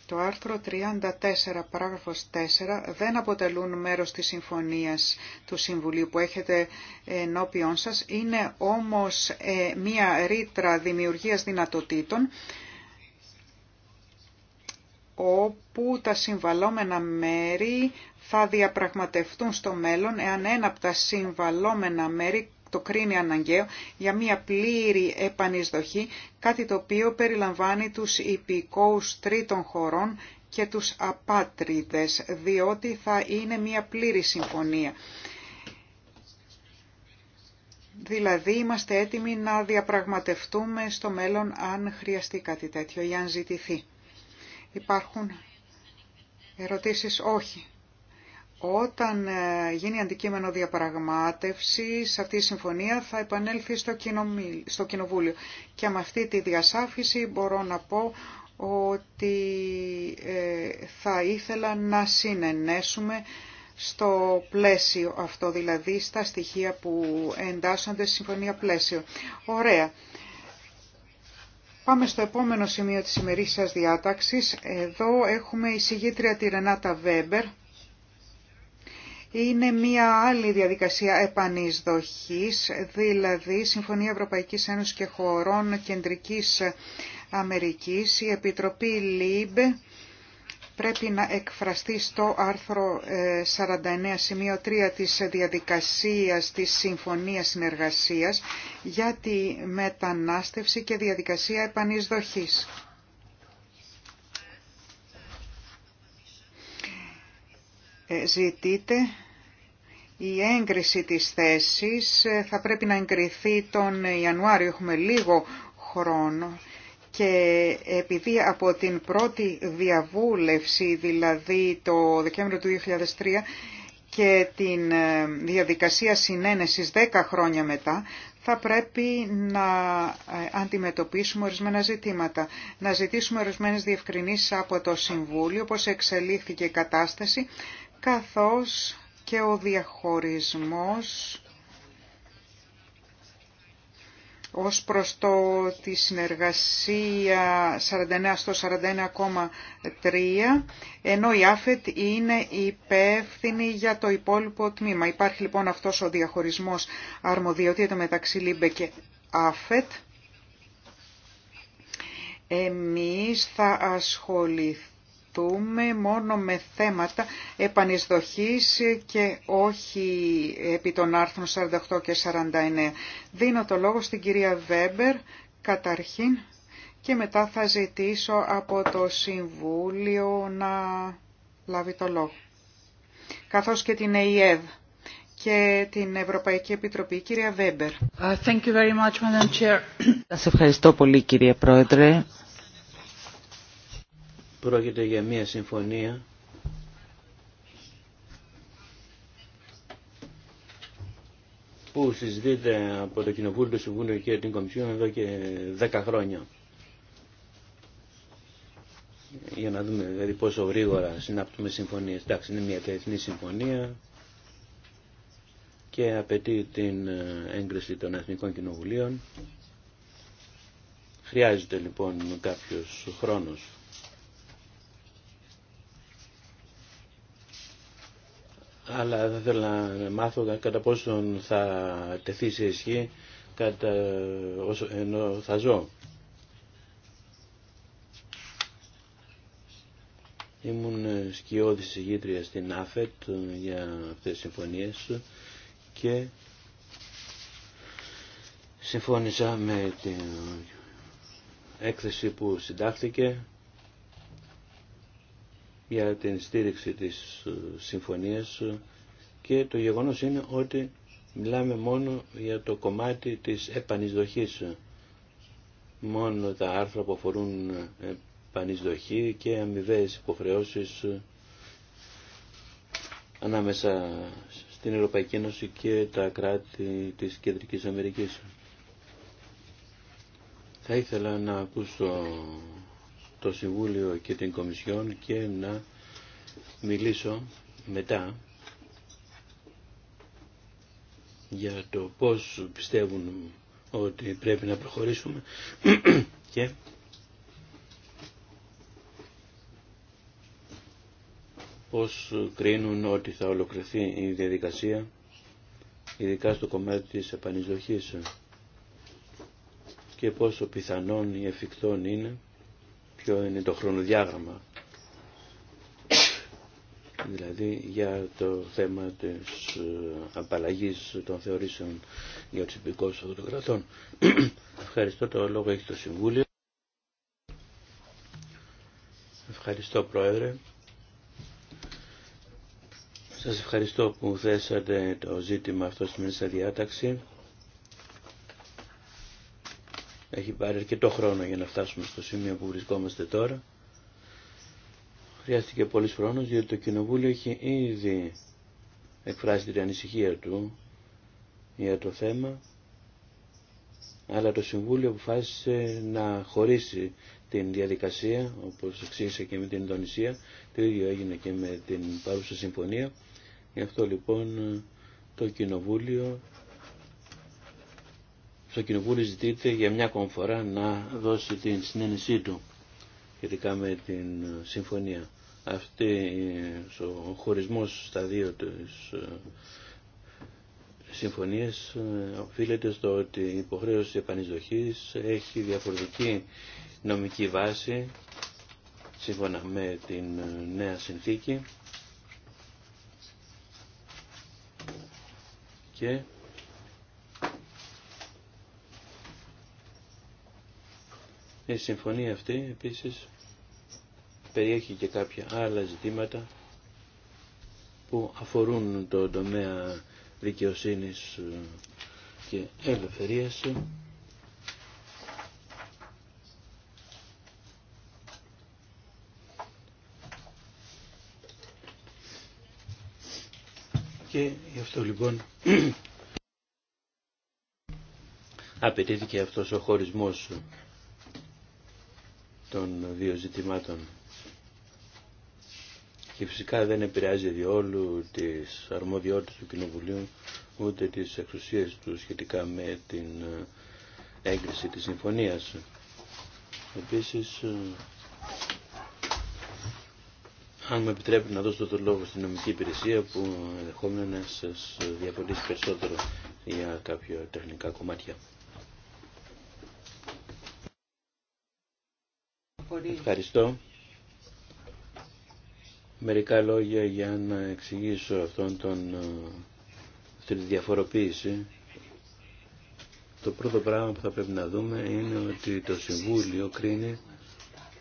Το άρθρο 34, παράγραφος 4, δεν αποτελούν μέρος της συμφωνίας του Συμβουλίου που έχετε ενώπιόν σας. Είναι όμως ε, μία ρήτρα δημιουργίας δυνατοτήτων, όπου τα συμβαλόμενα μέρη θα διαπραγματευτούν στο μέλλον εάν ένα από τα συμβαλόμενα μέρη το κρίνει αναγκαίο για μια πλήρη επανεισδοχή, κάτι το οποίο περιλαμβάνει τους υπηκόους τρίτων χωρών και τους απάτριδες, διότι θα είναι μια πλήρη συμφωνία. Δηλαδή είμαστε έτοιμοι να διαπραγματευτούμε στο μέλλον αν χρειαστεί κάτι τέτοιο ή αν ζητηθεί. Υπάρχουν ερωτήσεις όχι. Όταν ε, γίνει αντικείμενο διαπραγμάτευση σε αυτή η συμφωνία θα επανέλθει στο, Κοινοβούλιο. Και με αυτή τη διασάφηση μπορώ να πω ότι ε, θα ήθελα να συνενέσουμε στο πλαίσιο αυτό, δηλαδή στα στοιχεία που εντάσσονται στη συμφωνία πλαίσιο. Ωραία. Πάμε στο επόμενο σημείο της σας διάταξης. Εδώ έχουμε η συγγήτρια τη Ρενάτα Βέμπερ είναι μία άλλη διαδικασία επανεισδοχής, δηλαδή Συμφωνία Ευρωπαϊκής Ένωσης και Χωρών Κεντρικής Αμερικής. Η Επιτροπή ΛΥΜΠ πρέπει να εκφραστεί στο άρθρο 49 ε, σημείο 3 της διαδικασίας της Συμφωνίας Συνεργασίας για τη μετανάστευση και διαδικασία επανεισδοχής. Ε, ζητείτε η έγκριση της θέσης ε, θα πρέπει να εγκριθεί τον Ιανουάριο, έχουμε λίγο χρόνο και επειδή από την πρώτη διαβούλευση, δηλαδή το Δεκέμβριο του 2003 και την ε, διαδικασία συνένεσης 10 χρόνια μετά, θα πρέπει να αντιμετωπίσουμε ορισμένα ζητήματα. Να ζητήσουμε ορισμένες διευκρινήσεις από το Συμβούλιο, πώς εξελίχθηκε η κατάσταση καθώς και ο διαχωρισμός ως προς το τη συνεργασία 49 στο 41,3, ενώ η ΑΦΕΤ είναι υπεύθυνη για το υπόλοιπο τμήμα. Υπάρχει λοιπόν αυτός ο διαχωρισμός αρμοδιότητα μεταξύ ΛΥΜΠΕ και ΑΦΕΤ. Εμείς θα ασχοληθούμε ασχοληθούμε μόνο με θέματα επανεισδοχής και όχι επί των άρθρων 48 και 49. Δίνω το λόγο στην κυρία Βέμπερ καταρχήν και μετά θα ζητήσω από το Συμβούλιο να λάβει το λόγο. Καθώς και την ΕΕ και την Ευρωπαϊκή Επιτροπή. Κυρία Βέμπερ. Uh, thank you very much, Madam Chair. Σας ευχαριστώ πολύ κυρία Πρόεδρε. Πρόκειται για μια συμφωνία που συζητείται από το Κοινοβούλιο, του Συμβούλιο και την Κομισιόν εδώ και δέκα χρόνια. Για να δούμε δηλαδή πόσο γρήγορα συνάπτουμε συμφωνίες. Εντάξει, είναι μια διεθνή συμφωνία και απαιτεί την ε, έγκριση των Εθνικών Κοινοβουλίων. Χρειάζεται λοιπόν κάποιος χρόνος αλλά θα ήθελα να μάθω κατά πόσον θα τεθεί σε ισχύ κατά όσο ενώ θα ζω. Ήμουν σκιώδης ηγήτρια στην ΑΦΕΤ για αυτές τις συμφωνίες και συμφώνησα με την έκθεση που συντάχθηκε για την στήριξη της ε, συμφωνίας και το γεγονός είναι ότι μιλάμε μόνο για το κομμάτι της επανεισδοχής. Μόνο τα άρθρα που αφορούν ε, επανεισδοχή και αμοιβαίες υποχρεώσεις ε, ανάμεσα στην Ευρωπαϊκή Ένωση και τα κράτη της Κεντρικής Αμερικής. Θα ήθελα να ακούσω το Συμβούλιο και την Κομισιόν και να μιλήσω μετά για το πώς πιστεύουν ότι πρέπει να προχωρήσουμε *clears throat* και πώς κρίνουν ότι θα ολοκληρωθεί η διαδικασία ειδικά στο κομμάτι της επανεισδοχής και πόσο πιθανόν ή εφικτόν είναι ποιο είναι το χρονοδιάγραμμα. Δηλαδή για το θέμα της ε, απαλλαγής των θεωρήσεων για τους υπηκόους των κρατών. Ευχαριστώ. Το λόγο έχει το Συμβούλιο. Ευχαριστώ Πρόεδρε. Σας ευχαριστώ που θέσατε το ζήτημα αυτό στη μέσα διάταξη. Έχει πάρει αρκετό χρόνο για να φτάσουμε στο σημείο που βρισκόμαστε τώρα. Χρειάστηκε πολλής χρόνος διότι το Κοινοβούλιο έχει ήδη εκφράσει την ανησυχία του για το θέμα αλλά το Συμβούλιο αποφάσισε να χωρίσει την διαδικασία, όπως εξήγησε και με την Ινδονησία, το ίδιο έγινε και με την παρούσα συμφωνία. Γι' αυτό λοιπόν το Κοινοβούλιο στο Κοινοβούλιο ζητείται για μια ακόμη να δώσει την συνένεσή του σχετικά με την συμφωνία. Αυτή ε, ο χωρισμός στα δύο τη ε, συμφωνίες ε, οφείλεται στο ότι η υποχρέωση επανεισδοχής έχει διαφορετική νομική βάση σύμφωνα με την νέα συνθήκη και Η συμφωνία αυτή επίσης περιέχει και κάποια άλλα ζητήματα που αφορούν το τομέα δικαιοσύνης και ελευθερίας και γι' αυτό λοιπόν *clears throat* απαιτήθηκε αυτός ο χωρισμός των δύο ζητημάτων. Και φυσικά δεν επηρεάζει διόλου τις αρμοδιότητες του Κοινοβουλίου ούτε τις εξουσίες του σχετικά με την ε, έγκριση της συμφωνίας. Επίσης, ε, αν μου επιτρέπετε να δώσω το λόγο στην νομική υπηρεσία που ενδεχόμενα να σας διαφωνήσει περισσότερο για κάποια τεχνικά κομμάτια. Ευχαριστώ. Μερικά λόγια για να εξηγήσω αυτόν τον, ε, αυτή τη διαφοροποίηση. Το πρώτο πράγμα που θα πρέπει να δούμε είναι ότι το Συμβούλιο κρίνει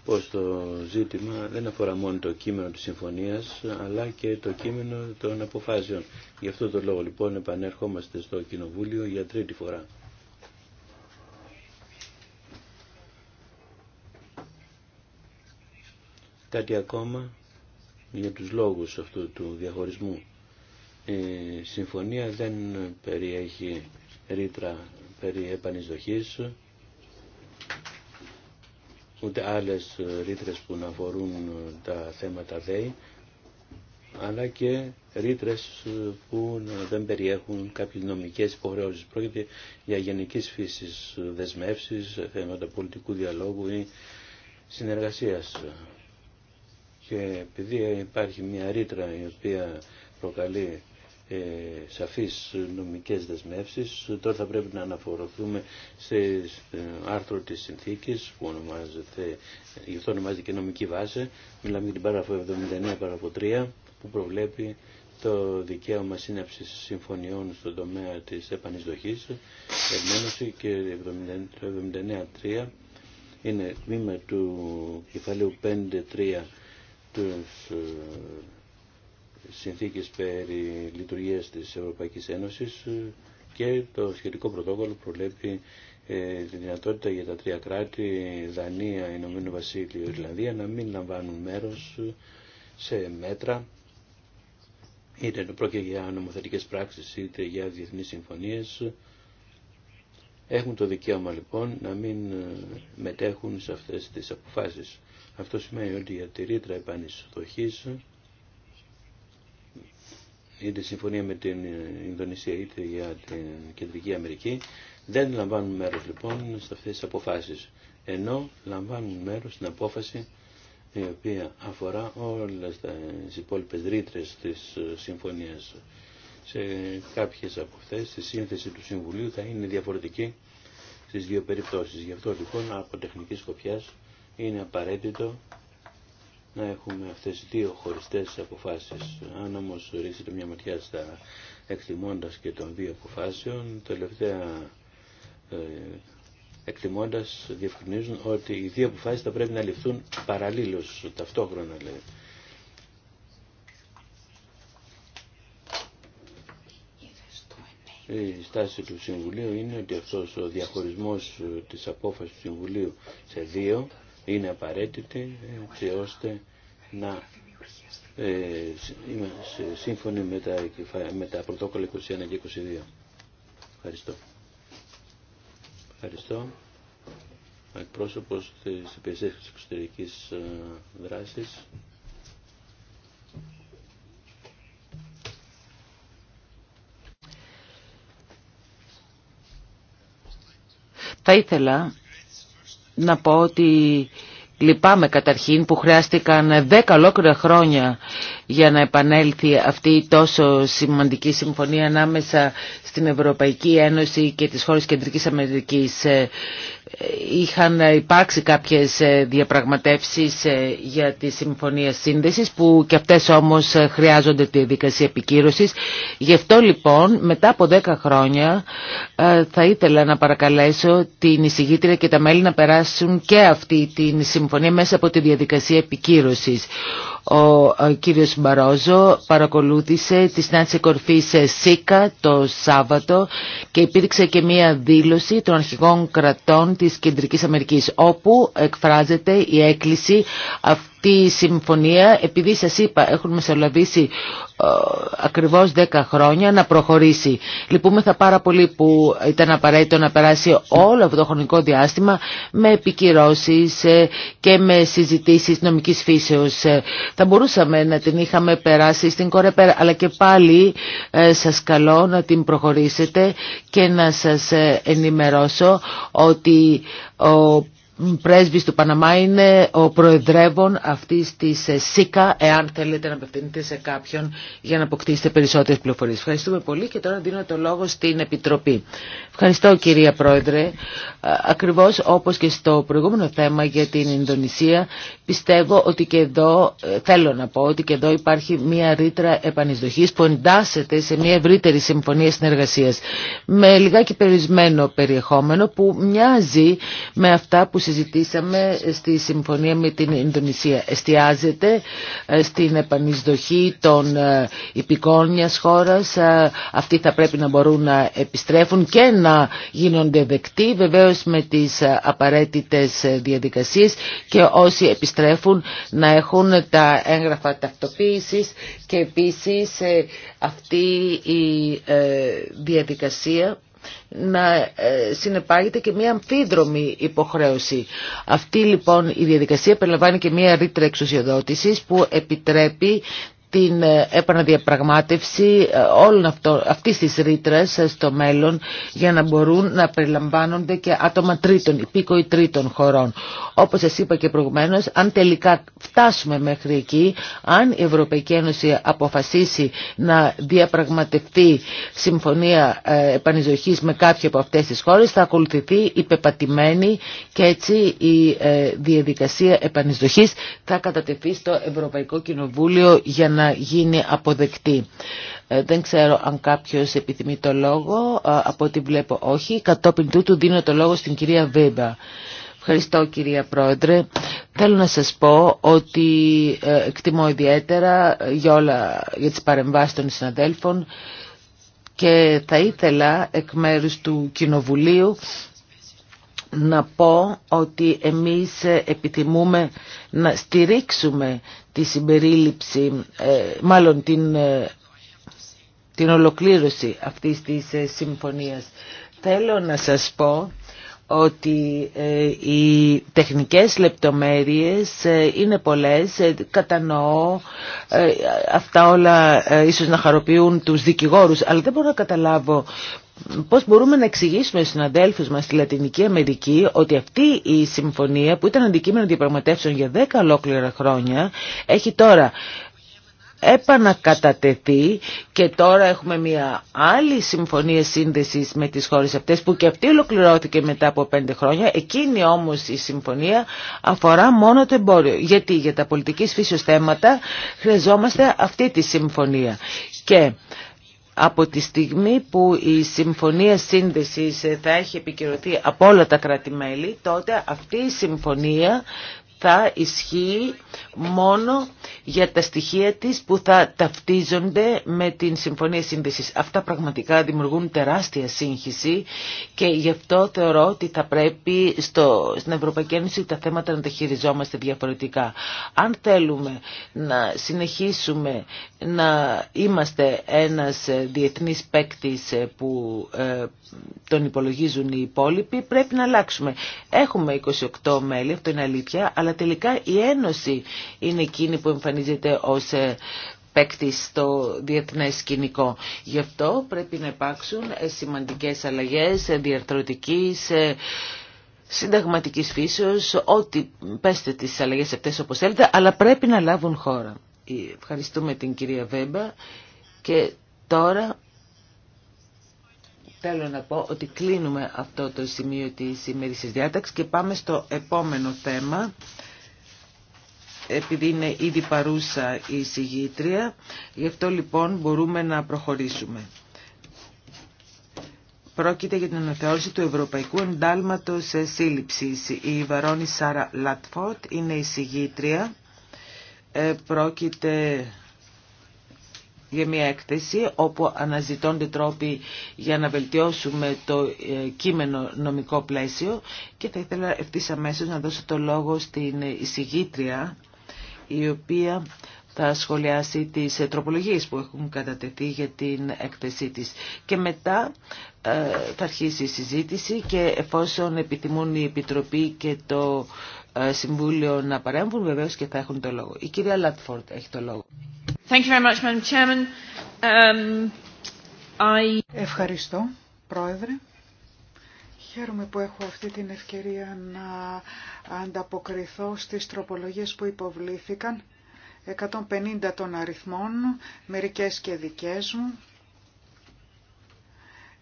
πως το ζήτημα δεν αφορά μόνο το κείμενο της συμφωνίας αλλά και το κείμενο των αποφάσεων. Γι' αυτό το λόγο λοιπόν επανέρχομαστε στο Κοινοβούλιο για τρίτη φορά. Κάτι ακόμα για τους λόγους αυτού του διαχωρισμού. Η συμφωνία δεν περιέχει ρήτρα περί επανεισδοχής, ούτε άλλες ρήτρες που να αφορούν τα θέματα ΔΕΗ, αλλά και ρήτρε που δεν περιέχουν κάποιες νομικές υποχρεώσεις. Πρόκειται για γενικής φύσης δεσμεύσεις, θέματα πολιτικού διαλόγου ή συνεργασίας και επειδή υπάρχει μια ρήτρα η οποία προκαλεί ε, σαφείς νομικές δεσμεύσεις τώρα θα πρέπει να αναφορωθούμε σε ε, άρθρο της συνθήκης που ονομάζεται ε, γι' αυτό ονομάζεται και νομική βάση μιλάμε για την παράγραφο 79 παράγραφο 3 που προβλέπει το δικαίωμα σύναψης συμφωνιών στον τομέα της επανεισδοχής ενένωση και 79-3 είναι τμήμα του κεφαλαίου 5.3 συνθήκε συνθήκες περί λειτουργίας της Ευρωπαϊκής Ένωσης ε, και το σχετικό πρωτόκολλο προβλέπει ε, τη δυνατότητα για τα τρία κράτη, Δανία, Ηνωμένο Βασίλειο, Ιρλανδία, να μην λαμβάνουν μέρος σε μέτρα, είτε πρόκειται για νομοθετικές πράξεις, είτε για διεθνείς συμφωνίες. Έχουν το δικαίωμα λοιπόν να μην ε, μετέχουν σε αυτές τις αποφάσεις. Αυτό σημαίνει ότι για τη ρήτρα επανεισοδοχής είτε συμφωνία με την Ινδονησία είτε για την Κεντρική Αμερική δεν λαμβάνουν μέρος λοιπόν σε αυτές τις αποφάσεις ενώ λαμβάνουν μέρος στην απόφαση η οποία αφορά όλες τις υπόλοιπες ρήτρες της συμφωνίας. Σε κάποιες από αυτές η σύνθεση του Συμβουλίου θα είναι διαφορετική στις δύο περιπτώσεις. Γι' αυτό λοιπόν από τεχνική σκοπιάς είναι απαραίτητο να έχουμε αυτές τις δύο χωριστές αποφάσεις. Αν όμως ρίξετε μια ματιά στα εκτιμώντας και των δύο αποφάσεων, τελευταία ε, εκτιμώντας διευκρινίζουν ότι οι δύο αποφάσεις θα πρέπει να ληφθούν παραλλήλως, ταυτόχρονα λέει. Η στάση του Συμβουλίου είναι ότι αυτός ο διαχωρισμός ε, της απόφασης του Συμβουλίου σε δύο είναι απαραίτητη έτσι ώστε να ε, είμαστε σύμφωνοι με τα, με τα πρωτόκολλα 21 και 22. Ευχαριστώ. Ευχαριστώ. Ο εκπρόσωπος της υπηρεσίας της εξωτερικής ε, δράσης. Θα ήθελα να πω ότι λυπάμαι καταρχήν που χρειάστηκαν δέκα ολόκληρα χρόνια για να επανέλθει αυτή η τόσο σημαντική συμφωνία ανάμεσα στην Ευρωπαϊκή Ένωση και τις χώρες Κεντρικής Αμερικής. Ε, είχαν υπάρξει κάποιες ε, διαπραγματεύσεις ε, για τη Συμφωνία Σύνδεσης που και αυτές όμως χρειάζονται τη δικασία επικύρωσης. Γι' αυτό λοιπόν μετά από 10 χρόνια θα ήθελα να παρακαλέσω την εισηγήτρια και τα μέλη να περάσουν και αυτή τη συμφωνία μέσα από τη διαδικασία επικύρωσης. Ο κύριος Μπαρόζο παρακολούθησε τη συνάντηση κορφή σε ΣΥΚΑ το Σάββατο και υπήρξε και μία δήλωση των αρχηγών κρατών της Κεντρικής Αμερικής όπου εκφράζεται η έκκληση αυτή η συμφωνία επειδή σας είπα έχουν μεσολαβήσει ε, ακριβώς 10 χρόνια να προχωρήσει. Λυπούμεθα πάρα πολύ που ήταν απαραίτητο να περάσει όλο αυτό το χρονικό διάστημα με επικυρώσεις ε, και με συζητήσεις νομικής φύσεως. Ε, θα μπορούσαμε να την είχαμε περάσει στην Κορεπέρα, αλλά και πάλι σας καλώ να την προχωρήσετε και να σας ενημερώσω ότι ο πρέσβης του Παναμά είναι ο προεδρεύων αυτής της ΣΥΚΑ, εάν θέλετε να απευθύνετε σε κάποιον για να αποκτήσετε περισσότερες πληροφορίες. Ευχαριστούμε πολύ και τώρα δίνω το λόγο στην Επιτροπή. Ευχαριστώ κυρία Πρόεδρε. Ακριβώς όπως και στο προηγούμενο θέμα για την Ινδονησία, πιστεύω ότι και εδώ, ε, θέλω να πω, ότι και εδώ υπάρχει μια ρήτρα επανεισδοχής που εντάσσεται σε μια ευρύτερη συμφωνία συνεργασίας με λιγάκι περιεχόμενο που μοιάζει με αυτά που συζητήσαμε στη συμφωνία με την Ινδονησία. Εστιάζεται ε, στην επανεισδοχή των ε, υπηκών μιας χώρας. Ε, αυτοί θα πρέπει να μπορούν να επιστρέφουν και να γίνονται δεκτοί βεβαίως με τις απαραίτητες διαδικασίες και όσοι επιστρέφουν να έχουν τα έγγραφα ταυτοποίησης και επίσης αυτή η διαδικασία να ε, συνεπάγεται και μια αμφίδρομη υποχρέωση. Αυτή λοιπόν η διαδικασία περιλαμβάνει και μια ρήτρα εξουσιοδότησης που επιτρέπει την ε, επαναδιαπραγμάτευση ε, όλων αυτό, αυτής της ρήτρας ε, στο μέλλον για να μπορούν να περιλαμβάνονται και άτομα τρίτων, υπήκοοι τρίτων χωρών. Όπως σας είπα και προηγουμένως, αν τελικά φτάσουμε μέχρι εκεί, αν η Ευρωπαϊκή Ένωση αποφασίσει να διαπραγματευτεί συμφωνία επανεισδοχής με κάποια από αυτές τις χώρες, θα ακολουθηθεί η πεπατημένη και έτσι η διαδικασία επανεισδοχής θα κατατεθεί στο Ευρωπαϊκό Κοινοβούλιο για να να γίνει αποδεκτή. Ε, δεν ξέρω αν κάποιος επιθυμεί το λόγο, ε, από ό,τι βλέπω όχι. Κατόπιν τούτου δίνω το λόγο στην κυρία Βέμπα. Ευχαριστώ κυρία Πρόεδρε. Θέλω να σας πω ότι ε, εκτιμώ ιδιαίτερα για, όλα, για τις παρεμβάσεις των συναδέλφων και θα ήθελα εκ μέρους του Κοινοβουλίου να πω ότι εμείς επιθυμούμε να στηρίξουμε τη συμπερίληψη, ε, μάλλον την, ε, την ολοκλήρωση αυτής της ε, συμφωνίας. Θέλω να σας πω ότι οι τεχνικές λεπτομέρειες είναι πολλές, κατανοώ αυτά όλα ίσως να χαροποιούν τους δικηγόρους, αλλά δεν μπορώ να καταλάβω πώς μπορούμε να εξηγήσουμε στους συναδέλφους μας στη Λατινική Αμερική ότι αυτή η συμφωνία που ήταν αντικείμενο διαπραγματεύσεων για 10 ολόκληρα χρόνια έχει τώρα επανακατατεθεί και τώρα έχουμε μια άλλη συμφωνία σύνδεσης με τις χώρες αυτές που και αυτή ολοκληρώθηκε μετά από 5 χρόνια. Εκείνη όμως η συμφωνία αφορά μόνο το εμπόριο. Γιατί για τα πολιτικής φύσεως θέματα χρειαζόμαστε αυτή τη συμφωνία. Και από τη στιγμή που η Συμφωνία Σύνδεσης θα έχει επικυρωθεί από όλα τα κράτη-μέλη, τότε αυτή η συμφωνία θα ισχύει μόνο για τα στοιχεία της που θα ταυτίζονται με την Συμφωνία Σύνδεσης. Αυτά πραγματικά δημιουργούν τεράστια σύγχυση και γι' αυτό θεωρώ ότι θα πρέπει στο, στην Ευρωπαϊκή Ένωση τα θέματα να τα χειριζόμαστε διαφορετικά. Αν θέλουμε να συνεχίσουμε να είμαστε ένας διεθνής παίκτη που ε, τον υπολογίζουν οι υπόλοιποι, πρέπει να αλλάξουμε. Έχουμε 28 μέλη, αυτό είναι αλήθεια, αλλά τελικά η Ένωση είναι εκείνη που εμφανίζεται ως ε, παίκτη στο διεθνές σκηνικό. Γι' αυτό πρέπει να υπάρξουν ε, σημαντικές αλλαγές ε, διαρθρωτικής, συνταγματικής φύσεως, ό,τι πέστε τις αλλαγές αυτές όπως θέλετε, αλλά πρέπει να λάβουν χώρα. Ευχαριστούμε την κυρία Βέμπα και τώρα Θέλω να πω ότι κλείνουμε αυτό το σημείο της ημερήσης διάταξης και πάμε στο επόμενο θέμα επειδή είναι ήδη παρούσα η συγγήτρια, γι' αυτό λοιπόν μπορούμε να προχωρήσουμε. Πρόκειται για την αναθεώρηση του Ευρωπαϊκού Εντάλματος Σύλληψης. Η Βαρόνη Σάρα Λατφόρτ είναι η συγγήτρια. Ε, πρόκειται για μια έκθεση όπου αναζητώνται τρόποι για να βελτιώσουμε το ε, κείμενο νομικό πλαίσιο και θα ήθελα ευθύ αμέσω να δώσω το λόγο στην εισηγήτρια η οποία θα σχολιάσει τις ε, τροπολογίες που έχουν κατατεθεί για την έκθεσή της. Και μετά ε, θα αρχίσει η συζήτηση και εφόσον επιθυμούν η Επιτροπή και το Συμβούλιο να παρέμβουν βεβαίως και θα έχουν το λόγο. Η κυρία Λάτφορντ έχει το λόγο. Um, Ευχαριστώ, Πρόεδρε. Χαίρομαι που έχω αυτή την ευκαιρία να ανταποκριθώ στις τροπολογίες που υποβλήθηκαν. 150 των αριθμών, μερικές και δικές μου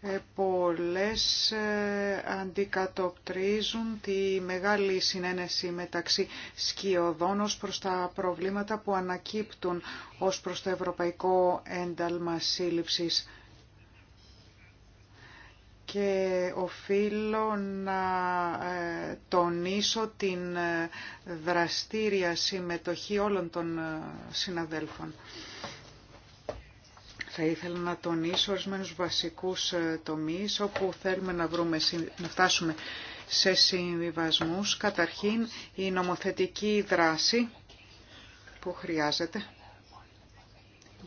ε, πολλές ε, αντικατοπτρίζουν τη μεγάλη συνένεση μεταξύ σκιωδών ως προς τα προβλήματα που ανακύπτουν ως προς το Ευρωπαϊκό Ένταλμα Σύλληψης. Και οφείλω να ε, τονίσω την δραστήρια συμμετοχή όλων των συναδέλφων θα ήθελα να τονίσω ορισμένους βασικούς ε, τομείς όπου θέλουμε να, βρούμε, να φτάσουμε σε συμβιβασμούς. Καταρχήν η νομοθετική δράση που χρειάζεται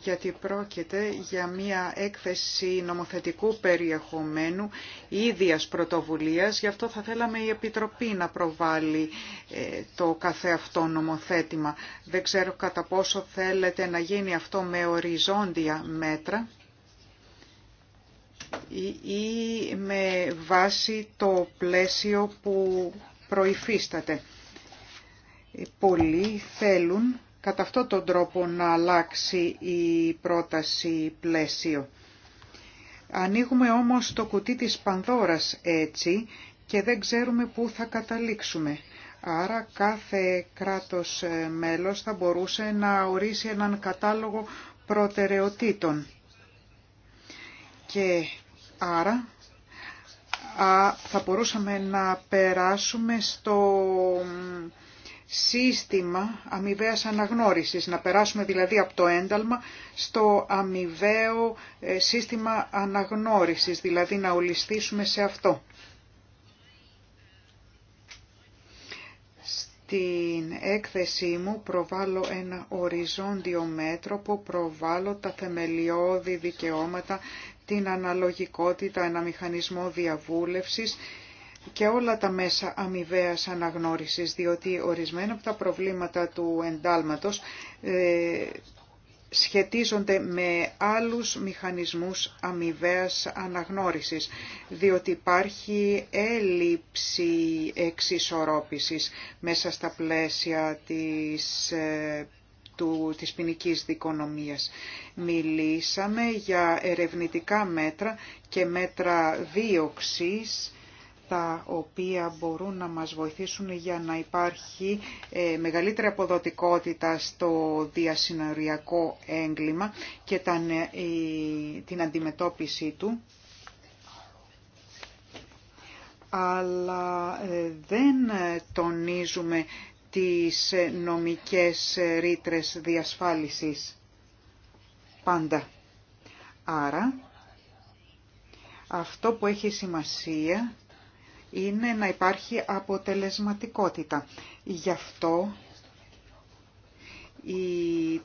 γιατί πρόκειται για μια έκθεση νομοθετικού περιεχομένου ίδιας πρωτοβουλίας. Γι' αυτό θα θέλαμε η Επιτροπή να προβάλλει ε, το καθεαυτό νομοθέτημα. Δεν ξέρω κατά πόσο θέλετε να γίνει αυτό με οριζόντια μέτρα ή με βάση το πλαίσιο που προϋφίσταται. Ε, πολλοί θέλουν κατά αυτόν τον τρόπο να αλλάξει η πρόταση πλαίσιο. Ανοίγουμε όμως το κουτί της πανδώρας έτσι και δεν ξέρουμε πού θα καταλήξουμε. Άρα κάθε κράτος ε, μέλος θα μπορούσε να ορίσει έναν κατάλογο προτεραιοτήτων. Και άρα θα μπορούσαμε να περάσουμε στο σύστημα αμοιβαία αναγνώρισης, να περάσουμε δηλαδή από το ένταλμα στο αμοιβαίο ε, σύστημα αναγνώρισης, δηλαδή να ολιστήσουμε σε αυτό. Στην έκθεσή μου προβάλλω ένα οριζόντιο μέτρο που προβάλλω τα θεμελιώδη δικαιώματα, την αναλογικότητα, ένα μηχανισμό διαβούλευσης και όλα τα μέσα αμοιβαία αναγνώρισης, διότι ορισμένα από τα προβλήματα του εντάλματος ε, σχετίζονται με άλλους μηχανισμούς αμοιβαία αναγνώρισης, διότι υπάρχει έλλειψη εξισορρόπησης μέσα στα πλαίσια της ε, του, της ποινική δικονομίας. Μιλήσαμε για ερευνητικά μέτρα και μέτρα δίωξης τα οποία μπορούν να μας βοηθήσουν για να υπάρχει ε, μεγαλύτερη αποδοτικότητα στο διασυνοριακό έγκλημα και την αντιμετώπιση του αλλά ε, δεν τονίζουμε τις νομικές ρήτρες διασφάλισης πάντα. Άρα, αυτό που έχει σημασία είναι να υπάρχει αποτελεσματικότητα. Γι' αυτό η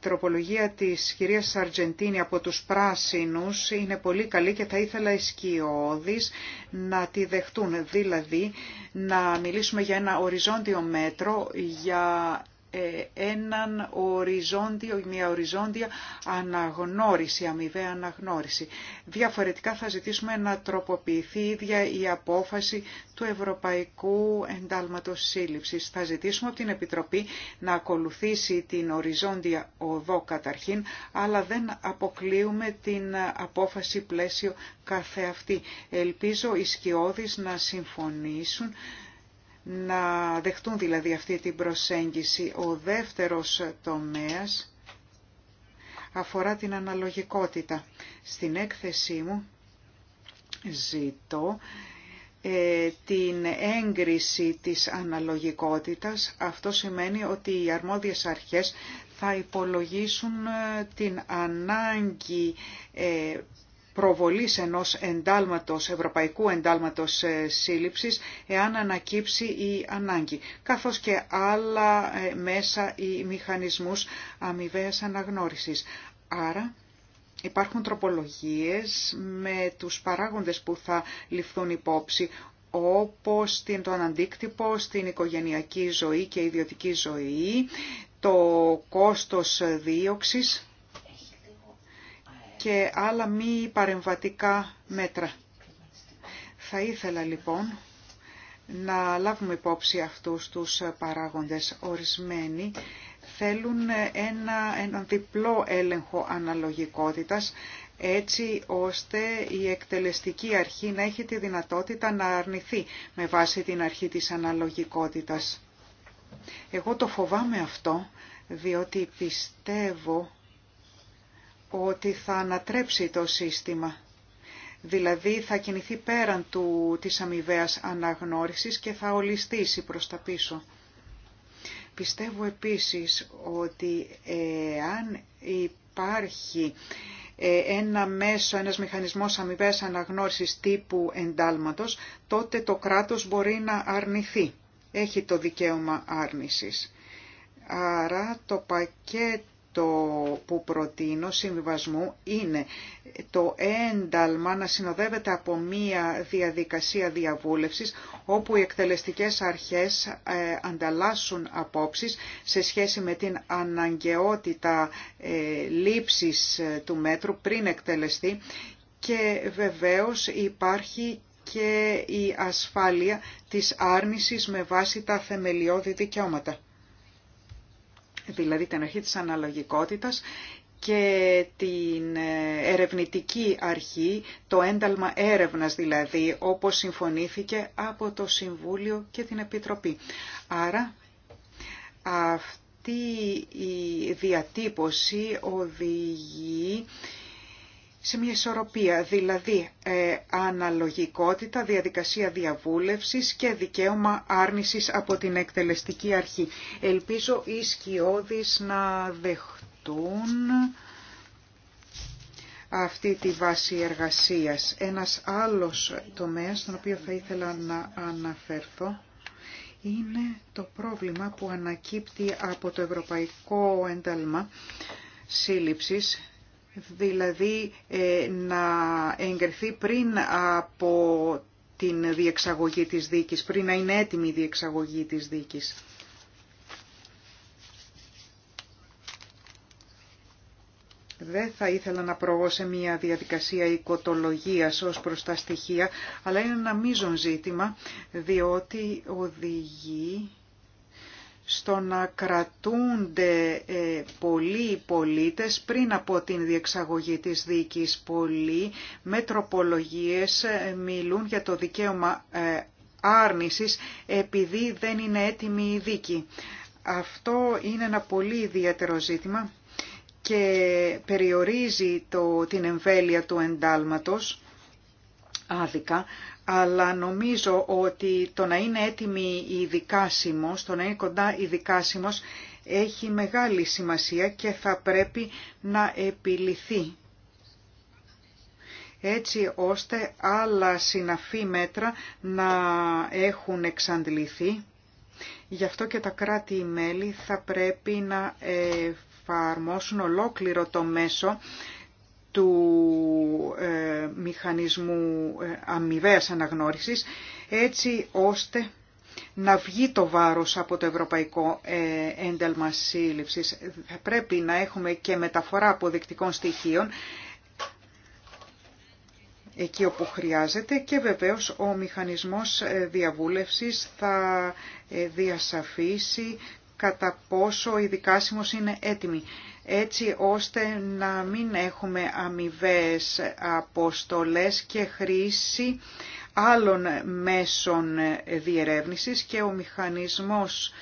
τροπολογία της κυρίας Αργεντίνη από τους πράσινους είναι πολύ καλή και θα ήθελα οι σκιώδεις να τη δεχτούν. Δηλαδή να μιλήσουμε για ένα οριζόντιο μέτρο για ε, έναν οριζόντιο, μια οριζόντια αναγνώριση, αμοιβαία αναγνώριση. Διαφορετικά θα ζητήσουμε να τροποποιηθεί η ίδια η απόφαση του Ευρωπαϊκού Εντάλματος Σύλληψης. Θα ζητήσουμε από την Επιτροπή να ακολουθήσει την οριζόντια οδό καταρχήν, αλλά δεν αποκλείουμε την απόφαση πλαίσιο καθεαυτή. Ελπίζω οι σκιώδεις να συμφωνήσουν να δεχτούν δηλαδή αυτή την προσέγγιση. Ο δεύτερος τομέας αφορά την αναλογικότητα. Στην έκθεσή μου ζητώ ε, την έγκριση της αναλογικότητας. Αυτό σημαίνει ότι οι αρμόδιες αρχές θα υπολογίσουν ε, την ανάγκη ε, προβολής ενός εντάλματος, ευρωπαϊκού εντάλματος ε, σύλληψης εάν ανακύψει η ανάγκη, καθώς και άλλα ε, μέσα ή μηχανισμούς αμοιβαίας αναγνώρισης. Άρα υπάρχουν τροπολογίες με τους παράγοντες που θα ληφθούν υπόψη, όπως το αντίκτυπο στην οικογενειακή ζωή και ιδιωτική ζωή, το κόστος δίωξης και άλλα μη παρεμβατικά μέτρα. Θα ήθελα λοιπόν να λάβουμε υπόψη αυτούς τους παράγοντες ορισμένοι θέλουν ένα, ένα διπλό έλεγχο αναλογικότητας έτσι ώστε η εκτελεστική αρχή να έχει τη δυνατότητα να αρνηθεί με βάση την αρχή της αναλογικότητας. Εγώ το φοβάμαι αυτό διότι πιστεύω ότι θα ανατρέψει το σύστημα. Δηλαδή θα κινηθεί πέραν του, της αμοιβαία αναγνώρισης και θα ολιστήσει προς τα πίσω. Πιστεύω επίσης ότι εάν υπάρχει ε, ένα μέσο, ένας μηχανισμός αμοιβαίας αναγνώρισης τύπου εντάλματος, τότε το κράτος μπορεί να αρνηθεί. Έχει το δικαίωμα άρνησης. Άρα το πακέτο το που προτείνω συμβιβασμού είναι το ένταλμα να συνοδεύεται από μία διαδικασία διαβούλευσης όπου οι εκτελεστικές αρχές ε, ανταλλάσσουν απόψεις σε σχέση με την αναγκαιότητα ε, λήψης ε, του μέτρου πριν εκτελεστεί και βεβαίως υπάρχει και η ασφάλεια της άρνησης με βάση τα θεμελιώδη δικαιώματα δηλαδή την αρχή της αναλογικότητας και την ε, ερευνητική αρχή, το ένταλμα έρευνας δηλαδή, όπως συμφωνήθηκε από το Συμβούλιο και την Επιτροπή. Άρα αυτή η διατύπωση οδηγεί σε μια ισορροπία, δηλαδή ε, αναλογικότητα, διαδικασία διαβούλευσης και δικαίωμα άρνησης από την εκτελεστική αρχή. Ελπίζω οι σκιώδεις να δεχτούν αυτή τη βάση εργασίας. Ένας άλλος τομέας, στον οποίο θα ήθελα να αναφερθώ, είναι το πρόβλημα που ανακύπτει από το Ευρωπαϊκό Ένταλμα Σύλληψης δηλαδή ε, να εγκριθεί πριν από την διεξαγωγή της δίκης, πριν να είναι έτοιμη η διεξαγωγή της δίκης. Δεν θα ήθελα να προβώ σε μια διαδικασία οικοτολογίας ως προς τα στοιχεία, αλλά είναι ένα μείζον ζήτημα, διότι οδηγεί στο να κρατούνται ε, πολλοί πολίτες πριν από την διεξαγωγή της δίκης. Πολλοί μετροπολογίες ε, μιλούν για το δικαίωμα ε, άρνησης επειδή δεν είναι έτοιμη η δίκη. Αυτό είναι ένα πολύ ιδιαίτερο ζήτημα και περιορίζει το, την εμβέλεια του εντάλματος άδικα, αλλά νομίζω ότι το να είναι έτοιμη η δικάσιμος, το να είναι κοντά η δικάσιμος, έχει μεγάλη σημασία και θα πρέπει να επιληθεί έτσι ώστε άλλα συναφή μέτρα να έχουν εξαντληθεί. Γι' αυτό και τα κράτη-μέλη θα πρέπει να εφαρμόσουν ολόκληρο το μέσο του ε, μηχανισμού ε, αμοιβαίας αναγνώρισης, έτσι ώστε να βγει το βάρος από το ευρωπαϊκό ε, ένταλμα σύλληψης. Θα πρέπει να έχουμε και μεταφορά αποδεικτικών στοιχείων εκεί όπου χρειάζεται και βεβαίως ο μηχανισμός διαβούλευσης θα διασαφίσει κατά πόσο η δικάσιμος είναι έτοιμη έτσι ώστε να μην έχουμε αμοιβέ αποστολές και χρήση άλλων μέσων διερεύνησης και ο μηχανισμός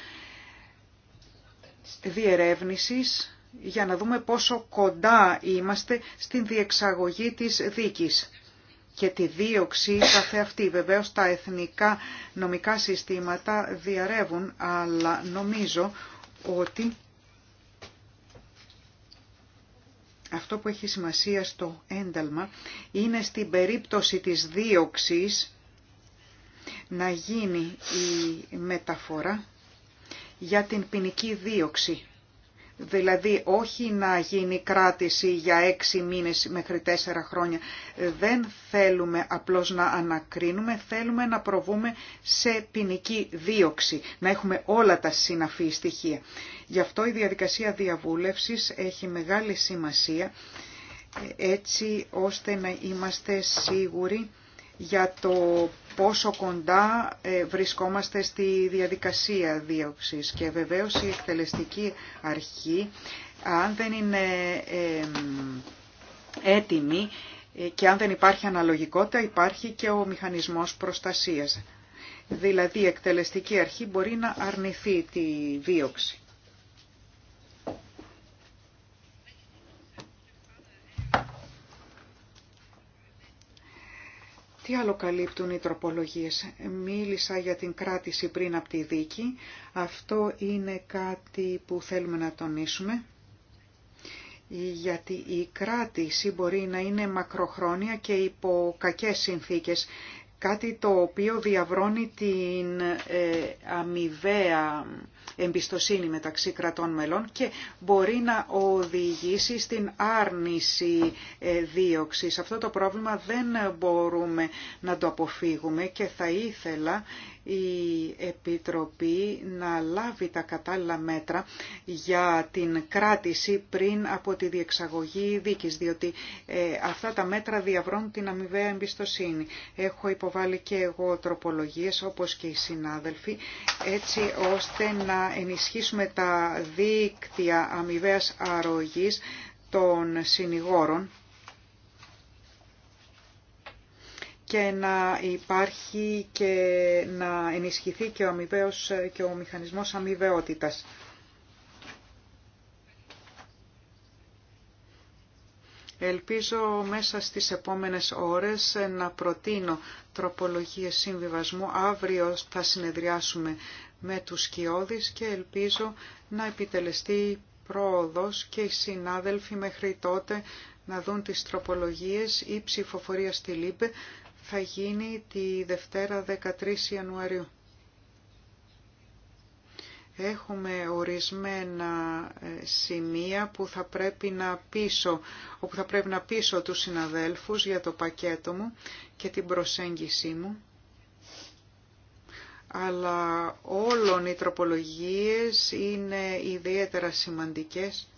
διερεύνησης για να δούμε πόσο κοντά είμαστε στην διεξαγωγή της δίκης και τη δίωξη καθεαυτή. Βεβαίως τα εθνικά νομικά συστήματα διαρεύουν, αλλά νομίζω ότι Αυτό που έχει σημασία στο ένταλμα είναι στην περίπτωση της δίωξης να γίνει η μεταφορά για την ποινική δίωξη. Δηλαδή όχι να γίνει κράτηση για έξι μήνες μέχρι τέσσερα χρόνια. Δεν θέλουμε απλώς να ανακρίνουμε, θέλουμε να προβούμε σε ποινική δίωξη, να έχουμε όλα τα συναφή στοιχεία. Γι' αυτό η διαδικασία διαβούλευσης έχει μεγάλη σημασία ε, έτσι ώστε να είμαστε σίγουροι για το πόσο κοντά ε, βρισκόμαστε στη διαδικασία δίωξης και βεβαίως η εκτελεστική αρχή αν δεν είναι έτοιμη ε, και αν δεν υπάρχει αναλογικότητα υπάρχει και ο μηχανισμός προστασίας. Δηλαδή η εκτελεστική αρχή μπορεί να αρνηθεί τη δίωξη. Τι άλλο καλύπτουν οι τροπολογίες. Μίλησα για την κράτηση πριν από τη δίκη. Αυτό είναι κάτι που θέλουμε να τονίσουμε. Γιατί η κράτηση μπορεί να είναι μακροχρόνια και υπό κακές συνθήκες. Κάτι το οποίο διαβρώνει την ε, αμοιβαία εμπιστοσύνη μεταξύ κρατών μελών και μπορεί να οδηγήσει στην άρνηση ε, δίωξης. Αυτό το πρόβλημα δεν μπορούμε να το αποφύγουμε και θα ήθελα η Επιτροπή να λάβει τα κατάλληλα μέτρα για την κράτηση πριν από τη διεξαγωγή δίκης, διότι ε, αυτά τα μέτρα διαβρώνουν την αμοιβαία εμπιστοσύνη. Έχω υποβάλει και εγώ τροπολογίες όπως και οι συνάδελφοι, έτσι ώστε να να ενισχύσουμε τα δίκτυα αμοιβαίας αρρωγής των συνηγόρων και να υπάρχει και να ενισχυθεί και ο, και ο μηχανισμός αμοιβαιότητας. Ελπίζω μέσα στις επόμενες ώρες να προτείνω τροπολογίες συμβιβασμού. Αύριο θα συνεδριάσουμε με τους σκιώδεις και ελπίζω να επιτελεστεί πρόοδος και οι συνάδελφοι μέχρι τότε να δουν τις τροπολογίες. Η ψηφοφορία στη ΛΥΠΕ θα γίνει τη Δευτέρα 13 Ιανουαρίου. Έχουμε ορισμένα ε, σημεία που θα πρέπει να πείσω, όπου θα πρέπει να πείσω τους συναδέλφους για το πακέτο μου και την προσέγγιση μου αλλά όλων οι τροπολογίες είναι ιδιαίτερα σημαντικές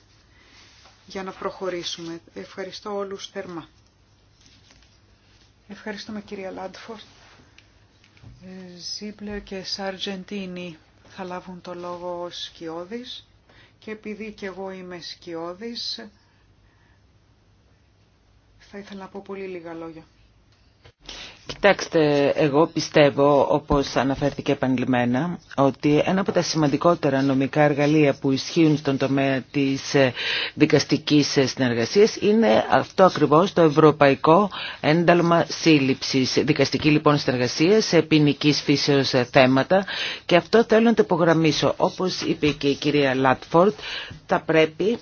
για να προχωρήσουμε. Ευχαριστώ όλους θερμά. Ευχαριστούμε κυρία Λάντφορτ. Ε, Ζίπλερ και Σαρτζεντίνη θα λάβουν το λόγο σκιώδης και επειδή και εγώ είμαι σκιώδης θα ήθελα να πω πολύ λίγα λόγια. Κοιτάξτε, εγώ πιστεύω, όπως αναφέρθηκε επανειλημμένα, ότι ένα από τα σημαντικότερα νομικά εργαλεία που ισχύουν στον τομέα της ε, δικαστικής ε, συνεργασίας είναι αυτό ακριβώς το Ευρωπαϊκό Ένταλμα Σύλληψης. Δικαστική λοιπόν συνεργασία σε ποινική φύσεως ε, θέματα και αυτό θέλω να το υπογραμμίσω. Όπως είπε και η κυρία Λάτφορτ, θα πρέπει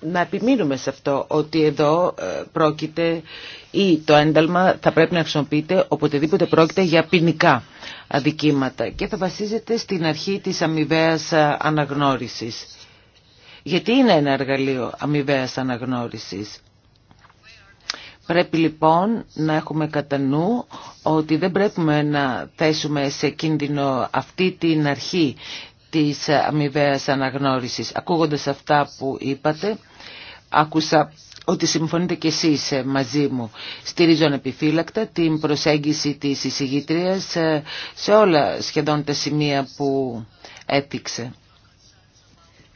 να επιμείνουμε σε αυτό, ότι εδώ ε, πρόκειται ή το ένταλμα θα πρέπει να χρησιμοποιείται οποτεδήποτε πρόκειται για ποινικά αδικήματα και θα βασίζεται στην αρχή της αμοιβαία ε, αναγνώρισης. Γιατί είναι ένα εργαλείο αμοιβαία αναγνώρισης. Πρέπει λοιπόν να έχουμε κατά νου ότι δεν πρέπει να θέσουμε σε κίνδυνο αυτή την αρχή της αμοιβαίας αναγνώρισης. Ακούγοντας αυτά που είπατε, άκουσα ότι συμφωνείτε κι εσείς ε, μαζί μου. Στηρίζω ανεπιφύλακτα την προσέγγιση της εισηγήτριας ε, σε όλα σχεδόν τα σημεία που έπτυξε.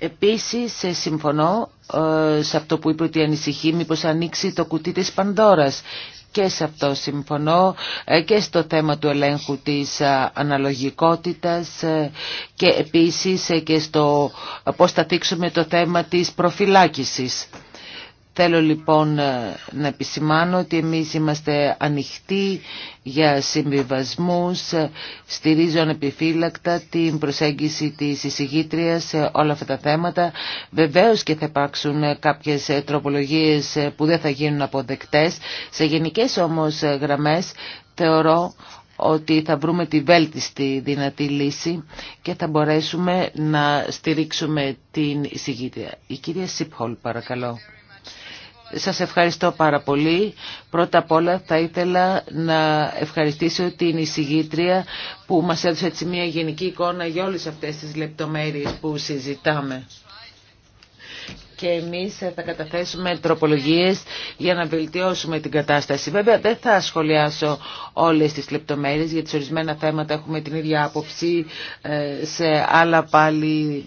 Επίσης ε, συμφωνώ ε, σε αυτό που είπε ότι ανησυχεί μήπως ανοίξει το κουτί της Πανδώρας και σε αυτό συμφωνώ ε, και στο θέμα του ελέγχου της αναλογικότητας και επίσης και στο πώς θα δείξουμε το θέμα της προφυλάκησης. Θέλω λοιπόν ε, να επισημάνω ότι εμείς είμαστε ανοιχτοί για συμβιβασμούς, ε, στηρίζω ανεπιφύλακτα την προσέγγιση της εισηγήτριας σε όλα αυτά τα θέματα. Βεβαίως και θα υπάρξουν ε, κάποιες τροπολογίες που δεν θα γίνουν αποδεκτές. Σε γενικές όμως γραμμές θεωρώ ότι θα βρούμε τη βέλτιστη δυνατή λύση και θα μπορέσουμε να στηρίξουμε την εισηγήτρια. Η κυρία Σίπχολ παρακαλώ. Σας ευχαριστώ πάρα πολύ. Πρώτα απ' όλα θα ήθελα να ευχαριστήσω την εισηγήτρια που μας έδωσε έτσι μια γενική εικόνα για όλες αυτές τις λεπτομέρειες που συζητάμε. Και εμείς θα καταθέσουμε τροπολογίες για να βελτιώσουμε την κατάσταση. Βέβαια δεν θα σχολιάσω όλες τις λεπτομέρειες γιατί σε ορισμένα θέματα έχουμε την ίδια άποψη, ε, σε άλλα πάλι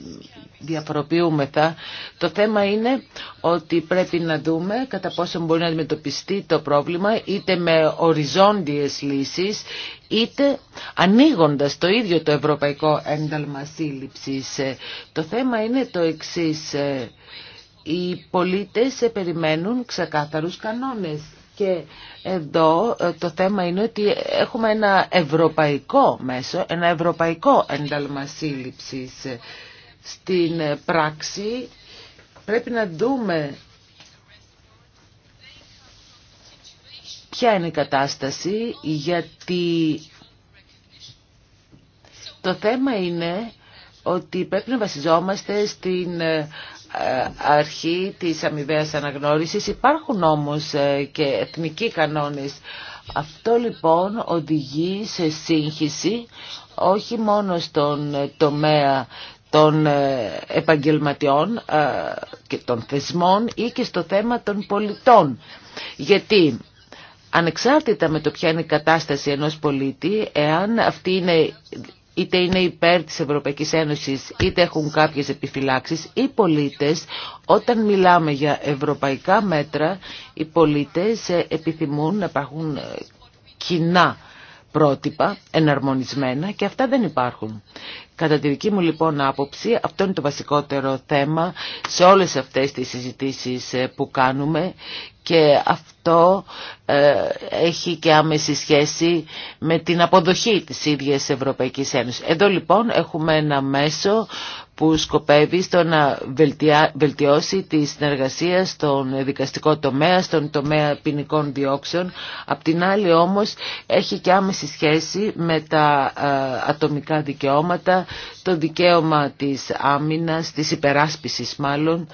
διαφοροποιούμεθα. Το θέμα είναι ότι πρέπει να δούμε κατά πόσο μπορεί να αντιμετωπιστεί το πρόβλημα είτε με οριζόντιες λύσεις είτε ανοίγοντας το ίδιο το ευρωπαϊκό ένταλμα σύλληψης. Το θέμα είναι το εξής. Οι πολίτες περιμένουν ξεκάθαρους κανόνες και εδώ ε, το θέμα είναι ότι έχουμε ένα ευρωπαϊκό μέσο, ένα ευρωπαϊκό ένταλμα σύλληψης στην ε, πράξη πρέπει να δούμε ποια είναι η κατάσταση γιατί το θέμα είναι ότι πρέπει να βασιζόμαστε στην ε, αρχή της αμοιβαίας αναγνώρισης. Υπάρχουν όμως ε, και εθνικοί κανόνες. Αυτό λοιπόν οδηγεί σε σύγχυση όχι μόνο στον τομέα των ε, επαγγελματιών ε, και των θεσμών ή και στο θέμα των πολιτών. Γιατί ανεξάρτητα με το ποια είναι η κατάσταση ενός πολίτη, εάν αυτή είναι είτε είναι υπέρ της Ευρωπαϊκής Ένωσης, είτε έχουν κάποιες επιφυλάξεις. Οι πολίτες, όταν μιλάμε για ευρωπαϊκά μέτρα, οι πολίτες ε, επιθυμούν να υπάρχουν κοινά πρότυπα εναρμονισμένα και αυτά δεν υπάρχουν. Κατά τη δική μου λοιπόν άποψη, αυτό είναι το βασικότερο θέμα σε όλες αυτές τις συζητήσεις ε, που κάνουμε και αυτό ε, έχει και άμεση σχέση με την αποδοχή της ίδιας Ευρωπαϊκής Ένωσης. Εδώ λοιπόν έχουμε ένα μέσο που σκοπεύει στο να βελτιώσει τη συνεργασία στον δικαστικό τομέα, στον τομέα ποινικών διώξεων. Απ' την άλλη όμως έχει και άμεση σχέση με τα ε, ατομικά δικαιώματα, το δικαίωμα της άμυνας, της υπεράσπισης μάλλον,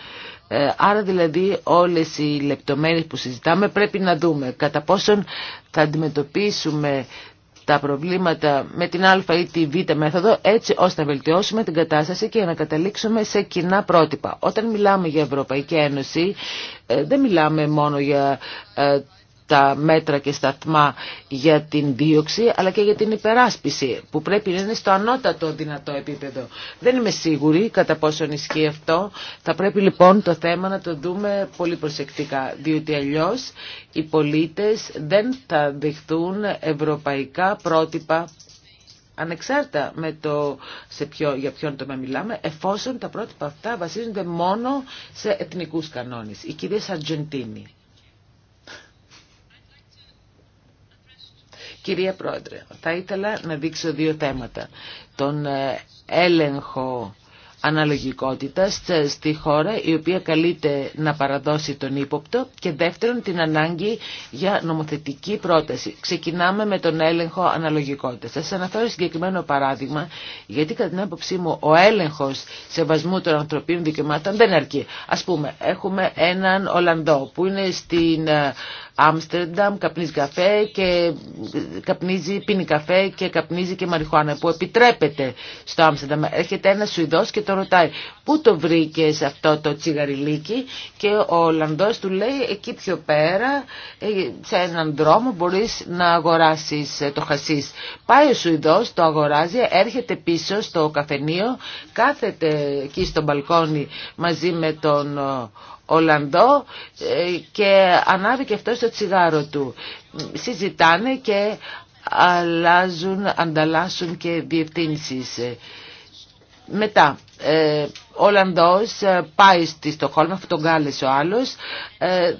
ε, Άρα δηλαδή όλες οι λεπτομέρειες που συζητάμε πρέπει να δούμε κατά πόσον θα αντιμετωπίσουμε τα προβλήματα με την α ή τη β μέθοδο έτσι ώστε να βελτιώσουμε την κατάσταση και να καταλήξουμε σε κοινά πρότυπα. Όταν μιλάμε για Ευρωπαϊκή Ένωση ε, δεν μιλάμε μόνο για ε, τα μέτρα και σταθμά για την δίωξη αλλά και για την υπεράσπιση που πρέπει να είναι στο ανώτατο δυνατό επίπεδο. Δεν είμαι σίγουρη κατά πόσο ισχύει αυτό. Θα πρέπει λοιπόν το θέμα να το δούμε πολύ προσεκτικά διότι αλλιώ οι πολίτες δεν θα δεχθούν ευρωπαϊκά πρότυπα ανεξάρτητα με το σε ποιο, για ποιον το μιλάμε, εφόσον τα πρότυπα αυτά βασίζονται μόνο σε εθνικούς κανόνες. Η κυρία Σαρτζεντίνη. Κυρία Πρόεδρε, θα ήθελα να δείξω δύο θέματα. Τον ε, έλεγχο αναλογικότητας στη χώρα η οποία καλείται να παραδώσει τον ύποπτο και δεύτερον την ανάγκη για νομοθετική πρόταση. Ξεκινάμε με τον έλεγχο αναλογικότητας. Θα σας αναφέρω συγκεκριμένο παράδειγμα γιατί κατά την άποψή μου ο έλεγχος σεβασμού των ανθρωπίνων δικαιωμάτων δεν αρκεί. Ας πούμε έχουμε έναν Ολλανδό που είναι στην ε, Άμστερνταμ, καπνίζει καφέ και καπνίζει, πίνει καφέ και καπνίζει και μαριχουάνα που επιτρέπεται στο Άμστερνταμ. Έρχεται ένα Σουηδός και το ρωτάει πού το βρήκε αυτό το τσιγαριλίκι και ο Ολλανδός του λέει εκεί πιο πέρα ε, σε έναν δρόμο μπορείς να αγοράσεις ε, το χασίς. Πάει ο Σουηδός, το αγοράζει, έρχεται πίσω στο καφενείο, κάθεται εκεί στο μπαλκόνι μαζί με τον ε, Ολλανδό ε, και ανάβει και αυτό το τσιγάρο του. Συζητάνε και αλλάζουν, ανταλλάσσουν και διευθύνσεις. Μετά, ε, Ολλανδός ε, πάει στη Στοχόλμα, αυτό τον κάλεσε ο άλλος, ε,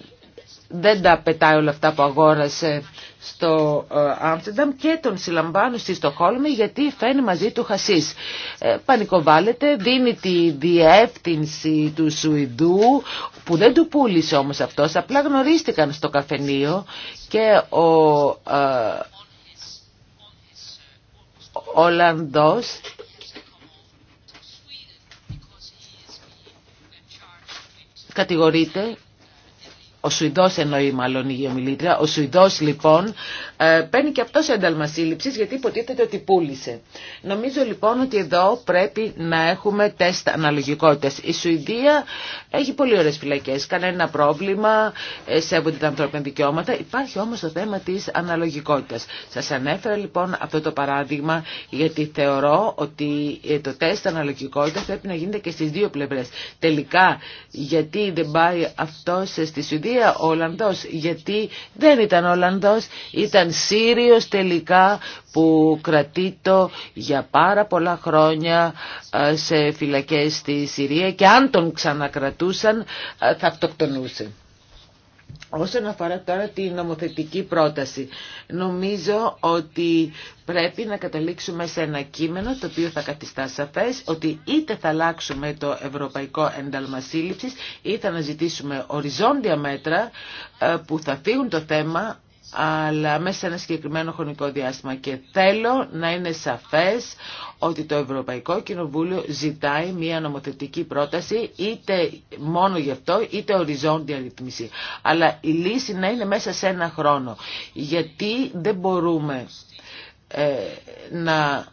δεν τα πετάει όλα αυτά που αγόρασε στο ε, Άμστερνταμ και τον συλλαμβάνουν στη Στοχόλμη γιατί φαίνει μαζί του χασίς. Ε, πανικοβάλλεται, δίνει τη διεύθυνση του Σουηδού που δεν του πούλησε όμως αυτός, απλά γνωρίστηκαν στο καφενείο και ο ε, Ολλανδός κατηγορείται ο Σουηδός εννοεί μάλλον η γεωμιλήτρια, ο Σουηδός λοιπόν ε, παίρνει και αυτό ένταλμα σύλληψης γιατί υποτίθεται ότι πούλησε. Νομίζω λοιπόν ότι εδώ πρέπει να έχουμε τεστ αναλογικότητας. Η Σουηδία έχει πολύ ωραίες φυλακές, κανένα πρόβλημα, ε, σέβονται τα ανθρώπινα δικαιώματα, υπάρχει όμως το θέμα της αναλογικότητας. Σας ανέφερα λοιπόν αυτό το παράδειγμα γιατί θεωρώ ότι ε, το τεστ αναλογικότητας πρέπει να γίνεται και στις δύο πλευρέ. Τελικά γιατί δεν πάει αυτό στη Σουηδία ο Ολλανδός γιατί δεν ήταν Ολλανδός, ήταν Σύριος τελικά που κρατείτο για πάρα πολλά χρόνια ε, σε φυλακές στη Συρία και αν τον ξανακρατούσαν ε, θα αυτοκτονούσε. Όσον αφορά τώρα την νομοθετική πρόταση, νομίζω ότι πρέπει να καταλήξουμε σε ένα κείμενο το οποίο θα καθιστά σαφές ότι είτε θα αλλάξουμε το ευρωπαϊκό ένταλμα σύλληψης ή θα αναζητήσουμε οριζόντια μέτρα ε, που θα φύγουν το θέμα αλλά μέσα σε ένα συγκεκριμένο χρονικό διάστημα. Και θέλω να είναι σαφές ότι το Ευρωπαϊκό Κοινοβούλιο ζητάει μια νομοθετική πρόταση είτε μόνο γι' αυτό είτε οριζόντια ρυθμίση. Αλλά η λύση να είναι μέσα σε ένα χρόνο. Γιατί δεν μπορούμε ε, να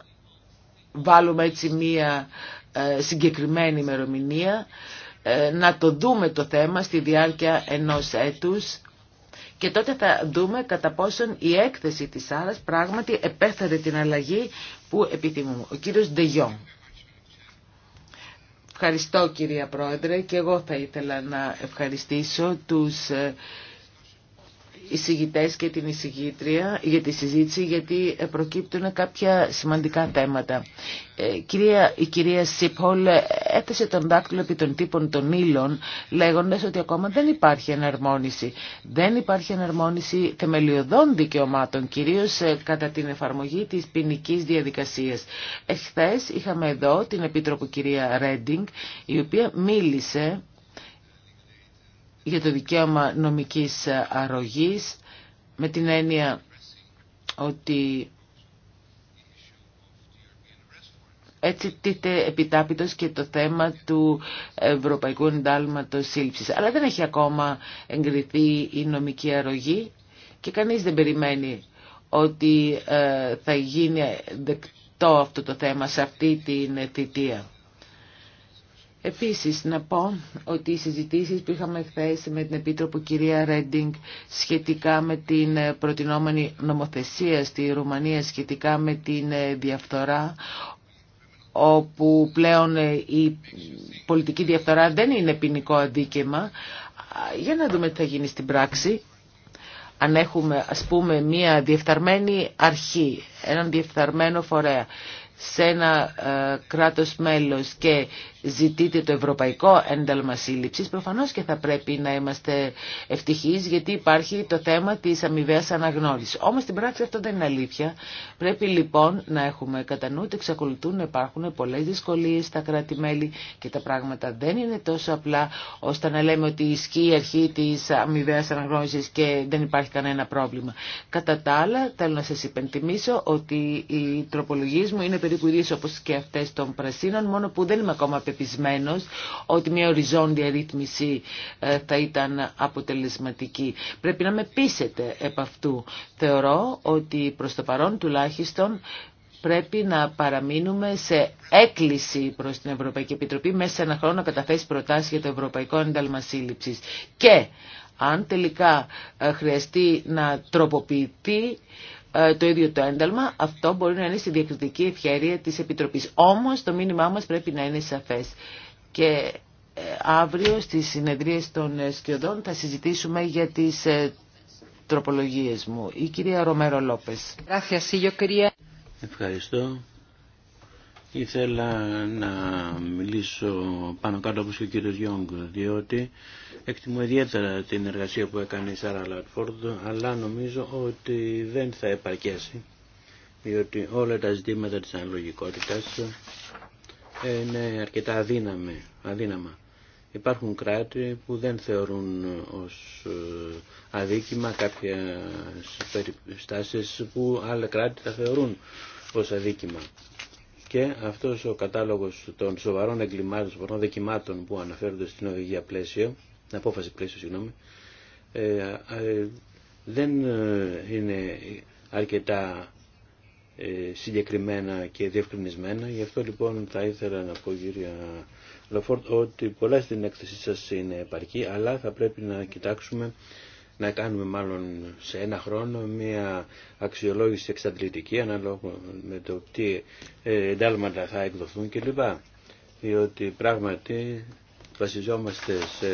βάλουμε έτσι μια ε, συγκεκριμένη ημερομηνία, ε, να το δούμε το θέμα στη διάρκεια ενός έτους και τότε θα δούμε κατά πόσον η έκθεση της Σάρας πράγματι επέφερε την αλλαγή που επιθυμούμε. Ο κύριος Ντεγιόν. Ευχαριστώ κυρία Πρόεδρε και εγώ θα ήθελα να ευχαριστήσω τους ε, εισηγητές και την εισηγήτρια για τη συζήτηση γιατί προκύπτουν κάποια σημαντικά θέματα. Η ε, κυρία, η κυρία έθεσε τον δάκτυλο επί των τύπων των ύλων λέγοντας ότι ακόμα δεν υπάρχει εναρμόνιση. Δεν υπάρχει εναρμόνιση θεμελιωδών δικαιωμάτων, κυρίως ε, κατά την εφαρμογή της ποινική διαδικασίας. Εχθές είχαμε εδώ την Επίτροπο κυρία Ρέντινγκ η οποία μίλησε για το δικαίωμα νομικής ε, αρρωγής με την έννοια ότι έτσι τίθεται επιτάπητος και το θέμα του Ευρωπαϊκού Εντάλματος Σύλληψης. Αλλά δεν έχει ακόμα εγκριθεί η νομική αρρωγή και κανείς δεν περιμένει ότι ε, θα γίνει δεκτό αυτό το θέμα σε αυτή την θητεία. Επίσης να πω ότι οι συζητήσεις που είχαμε χθε με την Επίτροπο κυρία Ρέντινγκ σχετικά με την προτινόμενη νομοθεσία στη Ρουμανία σχετικά με την ε, διαφθορά όπου πλέον ε, η πολιτική διαφθορά δεν είναι ποινικό αδίκημα για να δούμε τι θα γίνει στην πράξη αν έχουμε ας πούμε μια διεφθαρμένη αρχή, έναν διεφθαρμένο φορέα σε ένα ε, κράτος μέλος και ζητείτε το ευρωπαϊκό ένταλμα σύλληψης, προφανώς και θα πρέπει να είμαστε ευτυχείς γιατί υπάρχει το θέμα της αμοιβαία αναγνώρισης. Όμως στην πράξη αυτό δεν είναι αλήθεια. Πρέπει λοιπόν να έχουμε κατά νου ότι εξακολουθούν να υπάρχουν πολλές δυσκολίες στα κράτη-μέλη και τα πράγματα δεν είναι τόσο απλά ώστε να λέμε ότι ισχύει η αρχή της αμοιβαία αναγνώρισης και δεν υπάρχει κανένα πρόβλημα. Κατά τα άλλα θέλω να σας υπενθυμίσω ότι οι τροπολογίε μου είναι περίπου ίδιες όπως και αυτέ των πρασίνων μόνο που δεν είμαι ακόμα πεπισμένος ότι μια οριζόντια ρύθμιση ε, θα ήταν αποτελεσματική. Πρέπει να με πείσετε επ' αυτού. Θεωρώ ότι προς το παρόν τουλάχιστον πρέπει να παραμείνουμε σε έκκληση προς την Ευρωπαϊκή Επιτροπή μέσα σε ένα χρόνο να καταθέσει προτάσεις για το Ευρωπαϊκό Ένταλμα Και αν τελικά ε, χρειαστεί να τροποποιηθεί ε, το ίδιο το ένταλμα, αυτό μπορεί να είναι στη διακριτική ευχαίρεια της Επιτροπής. Όμως το μήνυμά μας πρέπει να είναι σαφές. Και ε, αύριο στις συνεδρίες των ε, σκιωδών θα συζητήσουμε για τις τροπολογίες μου. Η κυρία Ρομέρο Λόπες. Ευχαριστώ. Ήθελα να μιλήσω πάνω κάτω όπως και ο κύριος Γιόγκ, διότι εκτιμώ ιδιαίτερα την εργασία που έκανε η Σάρα Λατφόρντ, αλλά νομίζω ότι δεν θα επαρκέσει, διότι όλα τα ζητήματα της αναλογικότητας είναι αρκετά αδύναμε, αδύναμα. Υπάρχουν κράτη που δεν θεωρούν ως ε, αδίκημα κάποιες περιστάσεις που άλλα κράτη θα θεωρούν ως αδίκημα και αυτός ο κατάλογος των σοβαρών εγκλημάτων, σοβαρών δεκιμάτων που αναφέρονται στην οδηγία πλαίσιο, απόφαση πλαίσιο συγγνώμη, ε, ε, δεν ε, είναι αρκετά συγκεκριμένα και διευκρινισμένα. Γι' αυτό λοιπόν θα ήθελα να πω κύριε Λοφόρτ ότι πολλά στην έκθεσή σας είναι επαρκή αλλά θα πρέπει να κοιτάξουμε να κάνουμε μάλλον σε ένα χρόνο μια αξιολόγηση εξαντλητική ανάλογα με το τι ε, εντάλματα θα εκδοθούν κλπ. Διότι πράγματι βασιζόμαστε σε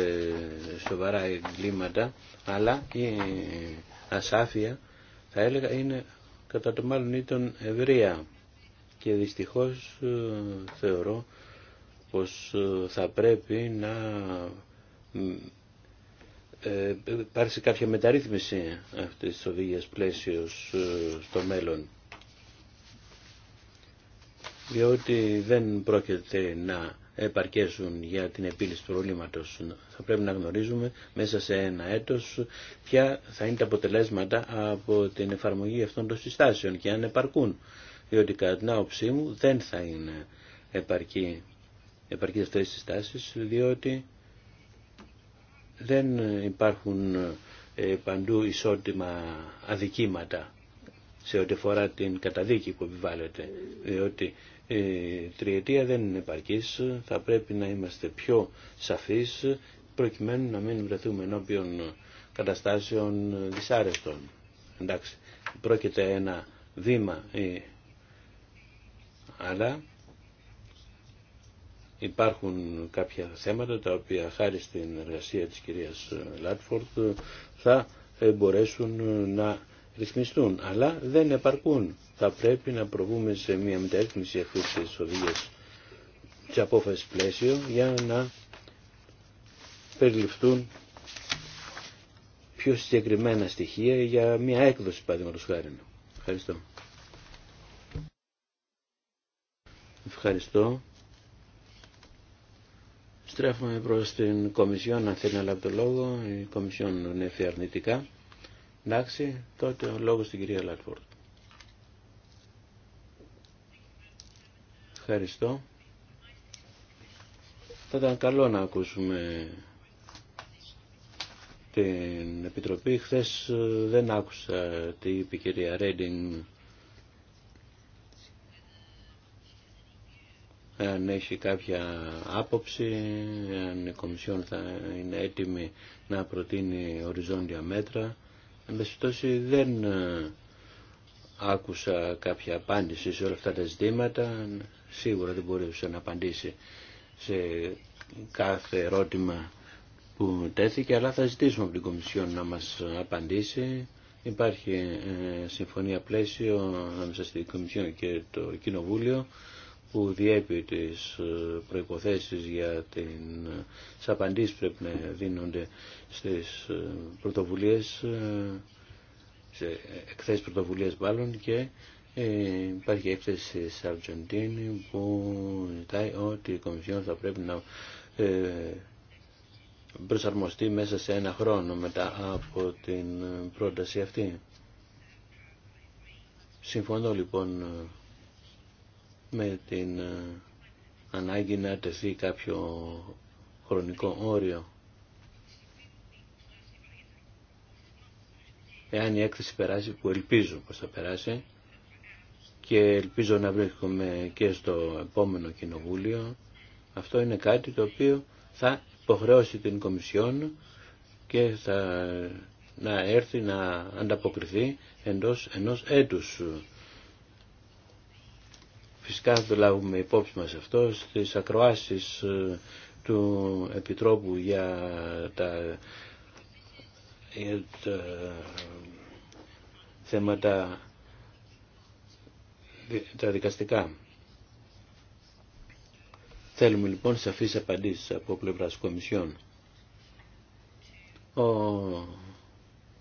σοβαρά εγκλήματα, αλλά η ασάφεια θα έλεγα είναι κατά το μάλλον ήταν ευρεία και δυστυχώς ε, θεωρώ πως ε, θα πρέπει να ε, υπάρξει κάποια μεταρρύθμιση αυτής της οδηγίας πλαίσιος ε, στο μέλλον διότι δεν πρόκειται να επαρκέσουν για την επίλυση του προβλήματος. Θα πρέπει να γνωρίζουμε μέσα σε ένα έτος ποια θα είναι τα αποτελέσματα από την εφαρμογή αυτών των συστάσεων και αν επαρκούν. Διότι κατά την άποψή μου δεν θα είναι επαρκή, επαρκή αυτές τις συστάσεις διότι δεν υπάρχουν ε, παντού ισότιμα αδικήματα σε ό,τι αφορά την καταδίκη που επιβάλλεται, διότι η ε, τριετία δεν είναι επαρκής, θα πρέπει να είμαστε πιο σαφείς προκειμένου να μην βρεθούμε ενώπιον καταστάσεων δυσάρεστων. Εντάξει, πρόκειται ένα βήμα, ε, αλλά Υπάρχουν κάποια θέματα τα οποία χάρη στην εργασία της κυρίας Λάτφορτ θα ε, μπορέσουν ε, να ρυθμιστούν, αλλά δεν επαρκούν. Θα πρέπει να προβούμε σε μια μεταρρύθμιση αυτής της οδηγίας της απόφασης πλαίσιο για να περιληφθούν πιο συγκεκριμένα στοιχεία για μια έκδοση παραδείγματος χάρη. Ευχαριστώ. Ευχαριστώ. Στρέφουμε προς την Κομισιόν, αν θέλει να λάβει το λόγο. Η Κομισιόν είναι αρνητικά. Εντάξει, τότε ο λόγος στην κυρία Λάτφορντ. Ευχαριστώ. Θα ήταν καλό να ακούσουμε την Επιτροπή. Χθες ε, δεν άκουσα τι είπε η κυρία Ρέντινγκ αν έχει κάποια άποψη, αν η Κομισιόν θα είναι έτοιμη να προτείνει οριζόντια μέτρα. Εν δεν ε, άκουσα κάποια απάντηση σε όλα αυτά τα ζητήματα. Σίγουρα δεν μπορούσε να απαντήσει σε κάθε ερώτημα που τέθηκε, αλλά θα ζητήσουμε από την Κομισιόν να μας απαντήσει. Υπάρχει ε, συμφωνία πλαίσιο ανάμεσα στην Κομισιόν και το Κοινοβούλιο που διέπει τις ε, προϋποθέσεις για την απαντήσεις που πρέπει να δίνονται στις ε, πρωτοβουλίες, ε, σε εκθέσεις πρωτοβουλίες μάλλον και υπάρχει έκθεση της Αργεντίνη που ζητάει ότι η Κομισιόν θα πρέπει να προσαρμοστεί μέσα σε ένα χρόνο μετά από την πρόταση αυτή. Συμφωνώ λοιπόν με την ε, ανάγκη να τεθεί κάποιο χρονικό όριο. Εάν η έκθεση περάσει, που ελπίζω πως θα περάσει, και ελπίζω να βρίσκομαι και στο επόμενο κοινοβούλιο, αυτό είναι κάτι το οποίο θα υποχρεώσει την Κομισιόν και θα να έρθει να ανταποκριθεί εντός ενός έτους. Φυσικά θα το λάβουμε υπόψη μας αυτό στις ακροάσεις ε, του Επιτρόπου για τα, για τα θέματα τα δικαστικά. Θέλουμε λοιπόν σαφείς απαντήσεις από πλευράς Κομισιόν. Ο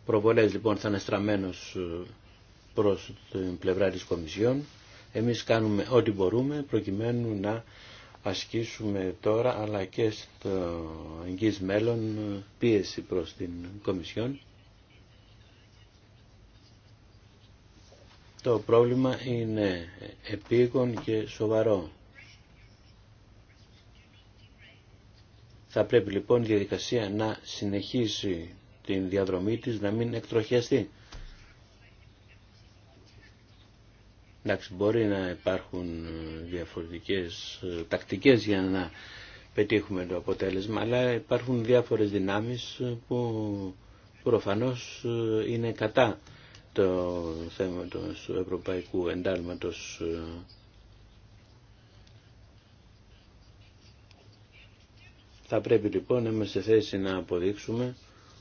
προβολές λοιπόν θα είναι στραμμένος ε, προς την πλευρά της Κομισιόν εμείς κάνουμε ό,τι μπορούμε προκειμένου να ασκήσουμε τώρα αλλά και στο εγγύς μέλλον πίεση προς την Κομισιόν. Το πρόβλημα είναι επίγον και σοβαρό. Θα πρέπει λοιπόν η διαδικασία να συνεχίσει την διαδρομή της, να μην εκτροχιαστεί. Εντάξει, μπορεί να υπάρχουν ε, διαφορετικές ε, τακτικές για να πετύχουμε το αποτέλεσμα, αλλά υπάρχουν διάφορες δυνάμεις ε, που προφανώς είναι κατά το θέμα του ευρωπαϊκού εντάλματος Θα πρέπει λοιπόν να είμαστε θέση να αποδείξουμε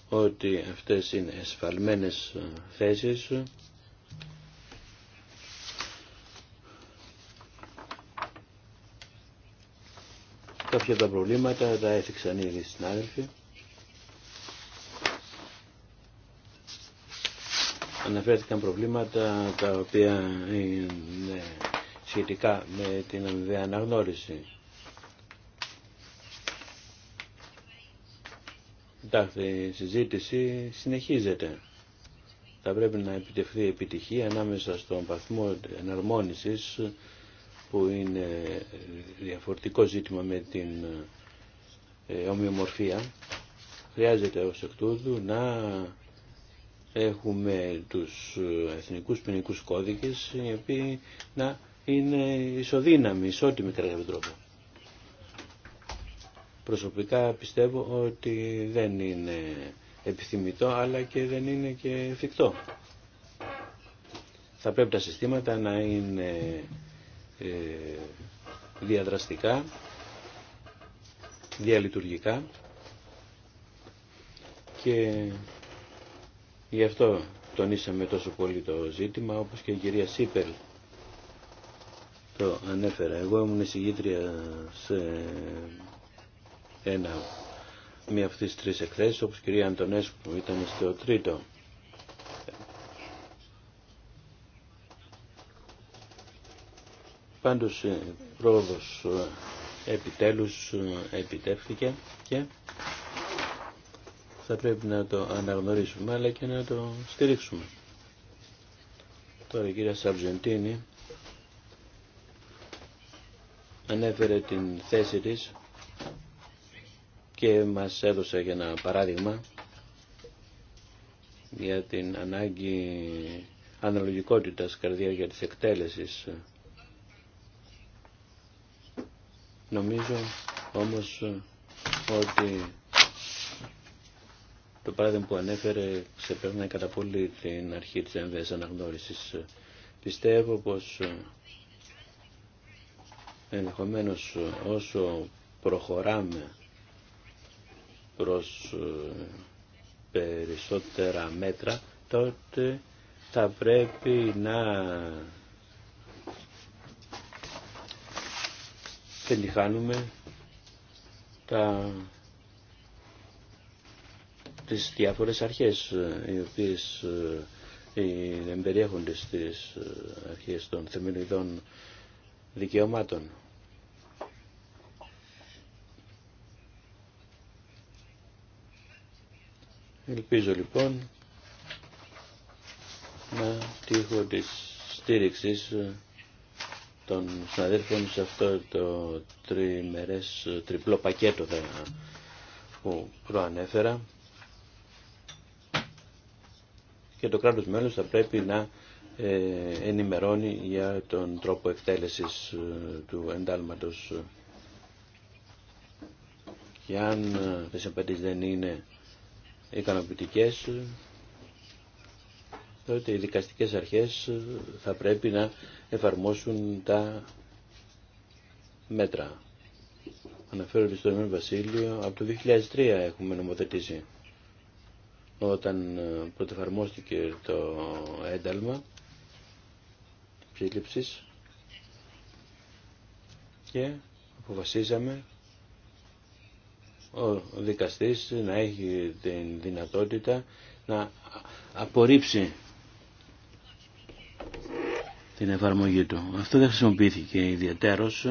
ότι αυτές είναι εσφαλμένες θέσεις Κάποια τα προβλήματα τα έθιξαν ήδη οι συνάδελφοι. Αναφέρθηκαν προβλήματα τα οποία είναι σχετικά με την αμοιβαία αναγνώριση. Κοιτάξτε, η συζήτηση συνεχίζεται. Θα πρέπει να επιτευχθεί επιτυχία ανάμεσα στον παθμό εναρμόνισης που είναι διαφορετικό ζήτημα με την ε, ομοιομορφία, χρειάζεται ως εκ τούτου να έχουμε τους εθνικούς ποινικούς κώδικες οι οποίοι να είναι ισοδύναμοι, ισότιμοι κατά κάποιο τρόπο. Προσωπικά πιστεύω ότι δεν είναι επιθυμητό αλλά και δεν είναι και εφικτό. Θα πρέπει τα συστήματα να είναι ε, διαδραστικά, διαλειτουργικά και γι' αυτό τονίσαμε τόσο πολύ το ζήτημα όπως και η κυρία Σίπελ το ανέφερα. Εγώ ήμουν εισηγήτρια σε ένα, μία από τις τρεις εκθέσεις όπως η κυρία Αντωνέσκου ήταν στο τρίτο Πάντως ε, πρόοδος ε, επιτέλους ε, επιτεύχθηκε και θα πρέπει να το αναγνωρίσουμε αλλά και να το στηρίξουμε. Τώρα η κυρία Σαρτζεντίνη ανέφερε την θέση της και μας έδωσε για ένα παράδειγμα για την ανάγκη αναλογικότητας καρδιά για τις εκτέλεσεις Νομίζω όμως ε, ότι το παράδειγμα που ανέφερε ξεπέρνει κατά πολύ την αρχή της έμβαιας αναγνώρισης. Ε, πιστεύω πως ε, ενδεχομένως όσο προχωράμε προς περισσότερα μέτρα τότε θα πρέπει να δεν τα, τις διάφορες αρχές ε, οι οποίες ε, εμπεριέχονται στις ε, αρχές των θεμελιδών δικαιωμάτων. Ελπίζω λοιπόν να τύχω της στήριξης των συναδέλφων σε αυτό το τριμερές, τριπλό πακέτο που προανέφερα και το κράτος μέλος θα πρέπει να ε, ενημερώνει για τον τρόπο εκτέλεσης ε, του εντάλματος και αν ε, τις απαιτήσεις δεν είναι ικανοποιητικές ότι οι δικαστικές αρχές θα πρέπει να εφαρμόσουν τα μέτρα. Αναφέρονται στο Βασίλειο, από το 2003 έχουμε νομοθετήσει. Όταν ε, πρωτεφαρμόστηκε το ένταλμα σύλληψης και αποφασίσαμε ο δικαστής να έχει την δυνατότητα να απορρίψει την εφαρμογή του. Αυτό δεν χρησιμοποιήθηκε ιδιαίτερος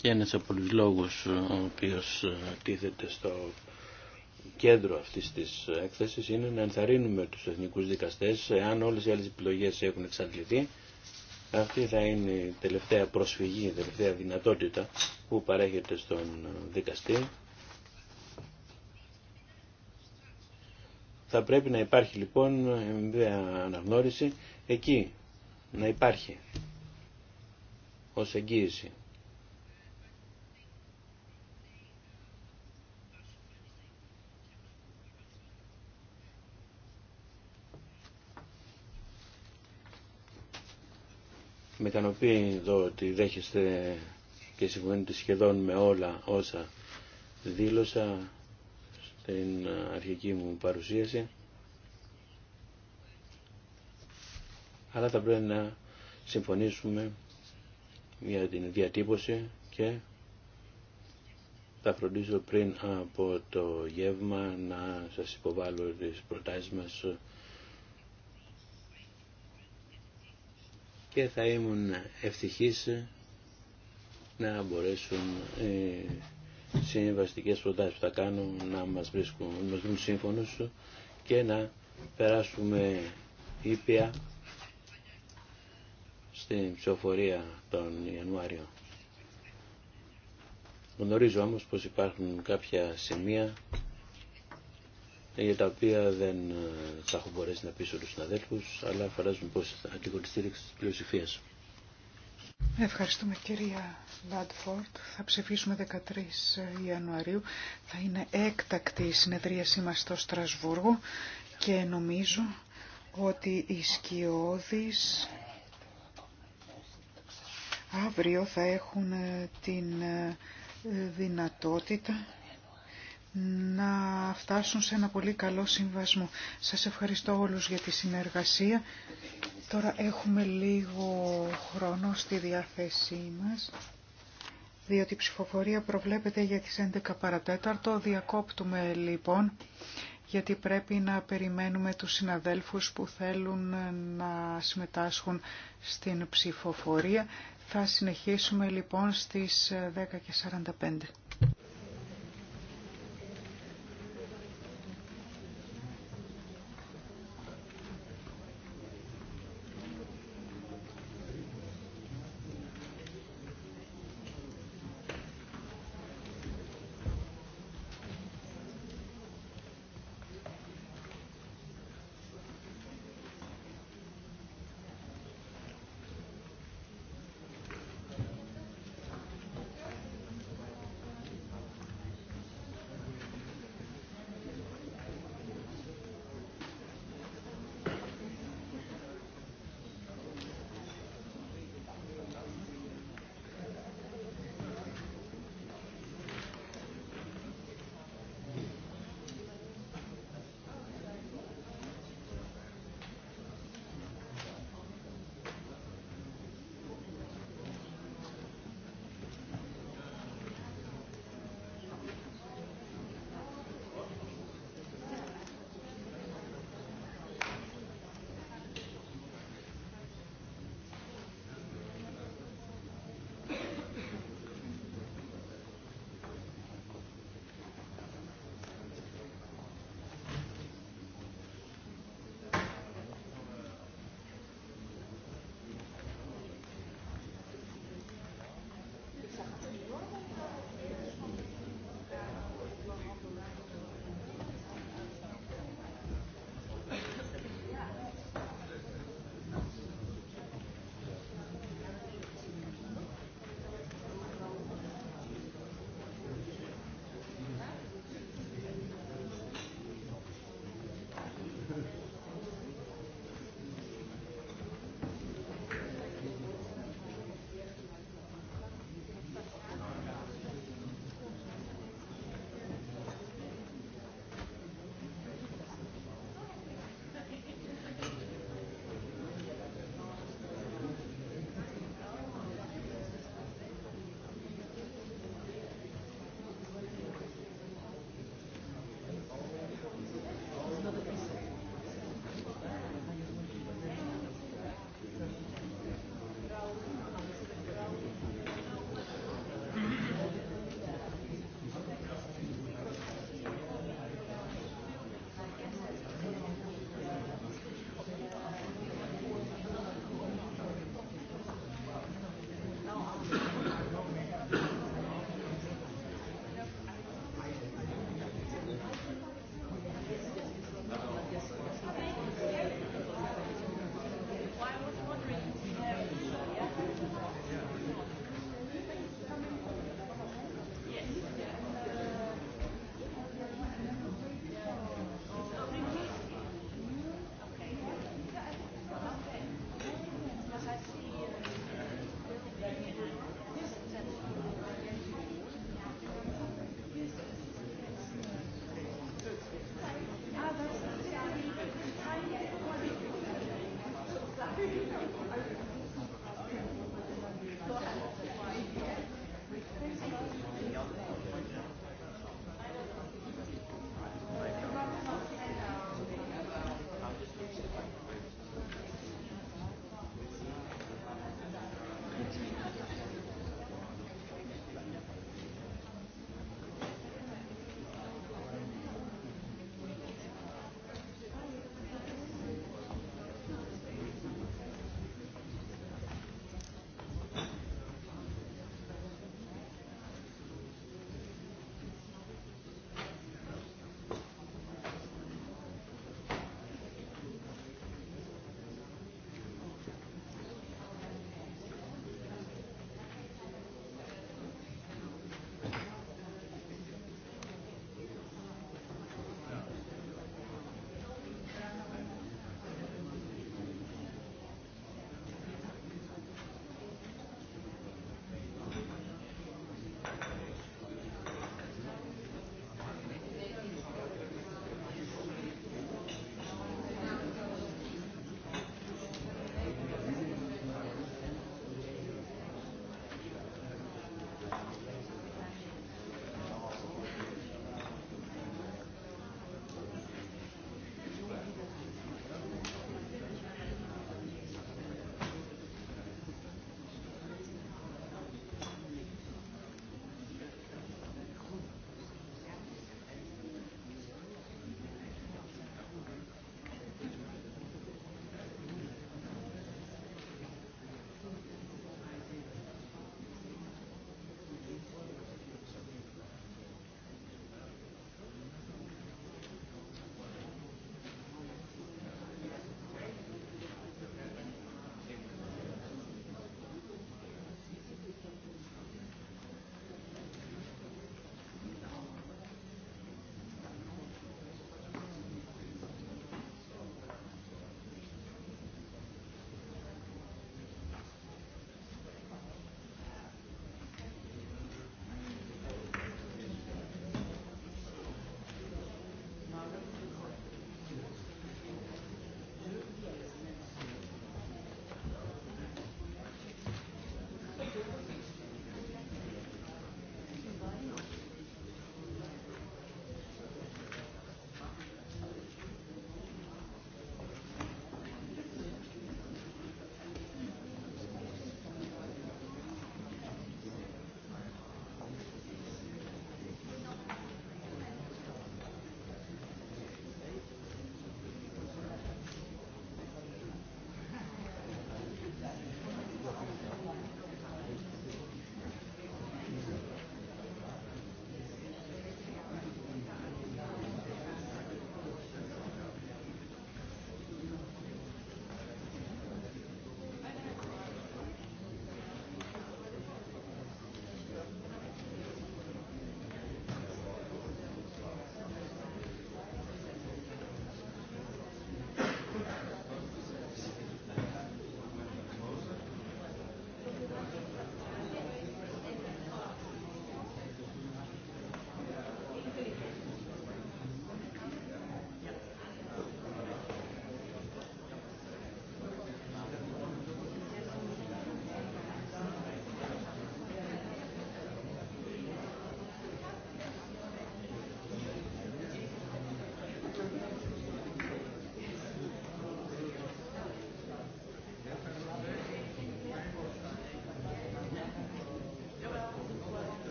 και ένας από τους λόγους ο οποίος ε, τίθεται στο κέντρο αυτής της έκθεσης είναι να ενθαρρύνουμε τους εθνικούς δικαστές εάν όλες οι άλλες επιλογές έχουν εξαντληθεί αυτή θα είναι η τελευταία προσφυγή, η τελευταία δυνατότητα που παρέχεται στον δικαστή. Θα πρέπει να υπάρχει λοιπόν μια αναγνώριση εκεί να υπάρχει ως εγγύηση. Με ικανοποιεί εδώ ότι δέχεστε και συμφωνείτε σχεδόν με όλα όσα δήλωσα στην αρχική μου παρουσίαση. αλλά θα πρέπει να συμφωνήσουμε για την διατύπωση και θα φροντίσω πριν από το γεύμα να σας υποβάλω τις προτάσεις μας και θα ήμουν ευτυχής να μπορέσουν οι συμβαστικές προτάσεις που θα κάνω να μας βρίσκουν, να μας σύμφωνος και να περάσουμε ήπια στην ψηφοφορία τον Ιανουάριο. Γνωρίζω όμως πως υπάρχουν κάποια σημεία για τα οποία δεν ε, θα έχω μπορέσει να πείσω τους συναδέλφους, αλλά φαντάζομαι πως αντίγω τη στήριξη της Ευχαριστούμε κυρία Βάντφορτ. Θα ψηφίσουμε 13 Ιανουαρίου. Θα είναι έκτακτη η συνεδρίασή μας στο Στρασβούργο και νομίζω ότι οι σκιώδεις αύριο θα έχουν ε, την ε, δυνατότητα να φτάσουν σε ένα πολύ καλό συμβασμό. Σας ευχαριστώ όλους για τη συνεργασία. Τώρα έχουμε λίγο χρόνο στη διάθεσή μας, διότι η ψηφοφορία προβλέπεται για τις 11 παρατέταρτο. Διακόπτουμε λοιπόν, γιατί πρέπει να περιμένουμε τους συναδέλφους που θέλουν ε, να συμμετάσχουν στην ψηφοφορία. Θα συνεχίσουμε λοιπόν στις 10.45.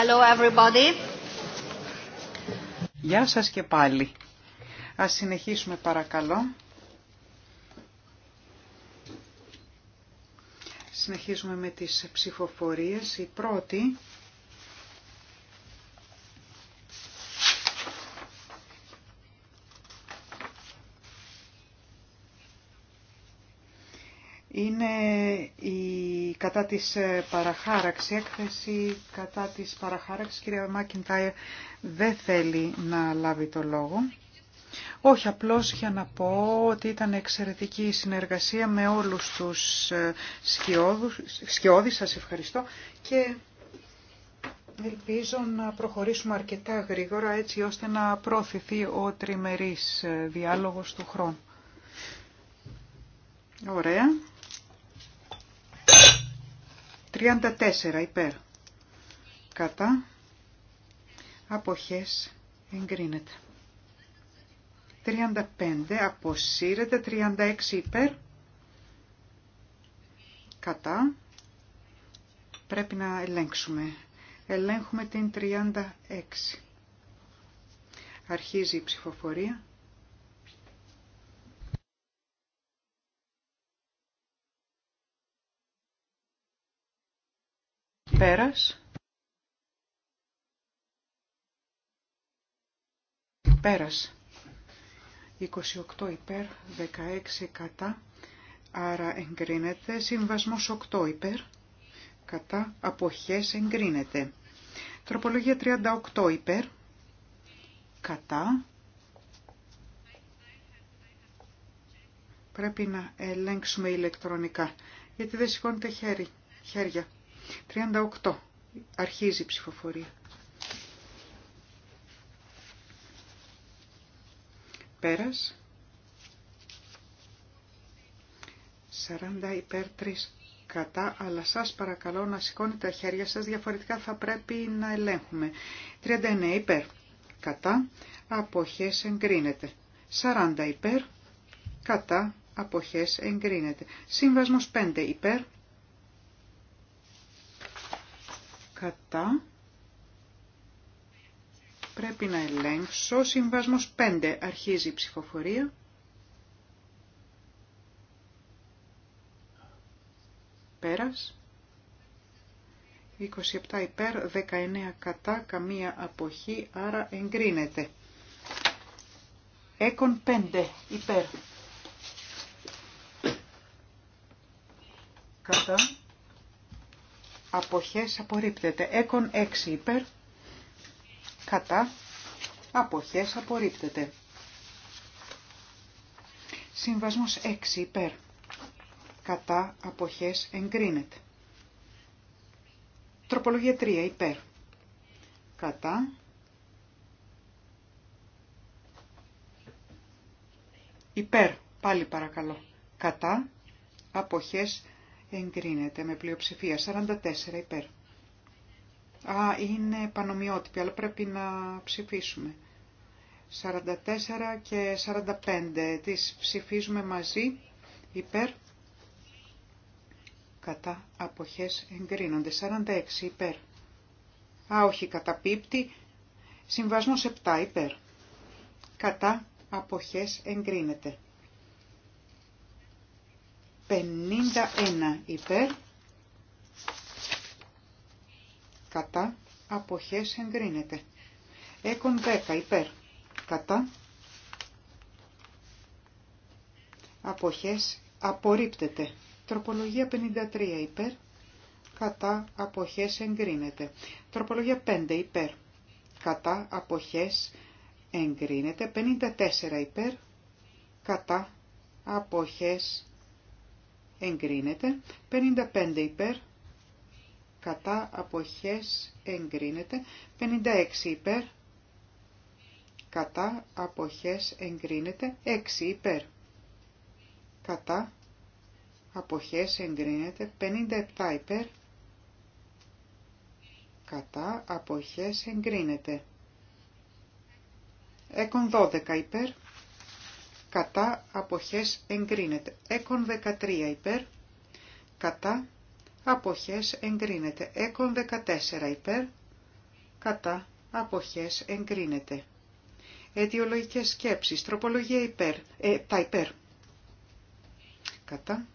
Hello everybody. Γεια σας και πάλι. Ας συνεχίσουμε παρακαλώ. Συνεχίζουμε με τις ψηφοφορίες. Η πρώτη κατά της ε, παραχάραξη, έκθεση κατά της παραχάραξη. Κυρία Μάκιντάιρ δεν θέλει να λάβει το λόγο. Όχι, απλώς για να πω ότι ήταν εξαιρετική η συνεργασία με όλους τους ε, σκιώδους, σας ευχαριστώ και ελπίζω να προχωρήσουμε αρκετά γρήγορα έτσι ώστε να προωθηθεί ο τριμερής ε, διάλογος του χρόνου. Ωραία. 34 υπέρ. Κατά. Αποχές εγκρίνεται. 35 αποσύρεται. 36 υπέρ. Κατά. Πρέπει να ελέγξουμε. Ελέγχουμε την 36. Αρχίζει η ψηφοφορία. Πέρας. Πέρας. 28 υπέρ, 16 κατά, άρα εγκρίνεται. Συμβασμός 8 υπέρ, κατά, αποχές εγκρίνεται. Τροπολογία 38 υπέρ, κατά. Πρέπει να ελέγξουμε ηλεκτρονικά, γιατί δεν σηκώνεται χέρι, χέρια. 38. Αρχίζει η ψηφοφορία. Πέρας. 40 υπέρ 3 κατά, αλλά σας παρακαλώ να σηκώνετε τα χέρια σας, διαφορετικά θα πρέπει να ελέγχουμε. 39 υπέρ κατά, αποχές εγκρίνεται. 40 υπέρ κατά, αποχές εγκρίνεται. Σύμβασμος 5 υπέρ κατά. Πρέπει να ελέγξω. Συμβάσμος 5. Αρχίζει η ψηφοφορία. Πέρας. 27 υπέρ, 19 κατά, καμία αποχή, άρα εγκρίνεται. Έκον 5 υπέρ. Κατά αποχές απορρίπτεται. Έκον 6 υπέρ, κατά, αποχές απορρίπτεται. Συμβασμός 6 υπέρ, κατά, αποχές εγκρίνεται. Τροπολογία 3 υπέρ, κατά, υπέρ, πάλι παρακαλώ, κατά, αποχές Εγκρίνεται με πλειοψηφία. 44 υπέρ. Α, είναι πανομοιότυπη, αλλά πρέπει να ψηφίσουμε. 44 και 45. Τις ψηφίζουμε μαζί υπέρ. Κατά αποχές εγκρίνονται. 46 υπέρ. Α, όχι, καταπίπτει. Συμβασμός 7 υπέρ. Κατά αποχές εγκρίνεται. 51 υπέρ κατά αποχές εγκρίνεται. Έκον 10 υπέρ κατά αποχές απορρίπτεται. Τροπολογία 53 υπέρ κατά αποχές εγκρίνεται. Τροπολογία 5 υπέρ κατά αποχές εγκρίνεται. 54 υπέρ κατά αποχές εγκρίνεται, 55 υπέρ, κατά αποχές εγκρίνεται, 56 υπέρ, κατά αποχές εγκρίνεται, 6 υπέρ, κατά αποχές εγκρίνεται, 57 υπέρ, κατά αποχές εγκρίνεται. Έκον 12 υπέρ, κατά αποχές εγκρίνεται. Έκον 13 υπέρ, κατά αποχές εγκρίνεται. Έκον 14 υπέρ, κατά αποχές εγκρίνεται. Αιτιολογικές σκέψεις, τροπολογία υπέρ, ε, τα υπέρ, κατά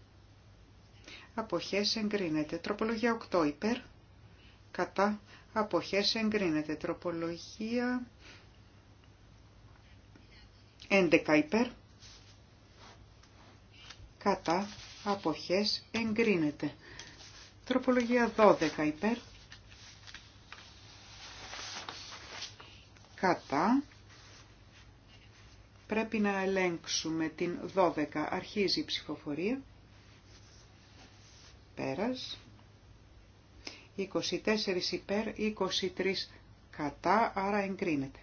αποχές εγκρίνεται. Τροπολογία 8 υπέρ, κατά αποχές εγκρίνεται. Τροπολογία 11 υπέρ, κατά αποχές εγκρίνεται. Τροπολογία 12 υπέρ κατά πρέπει να ελέγξουμε την 12 αρχίζει η ψηφοφορία πέρας 24 υπέρ 23 κατά άρα εγκρίνεται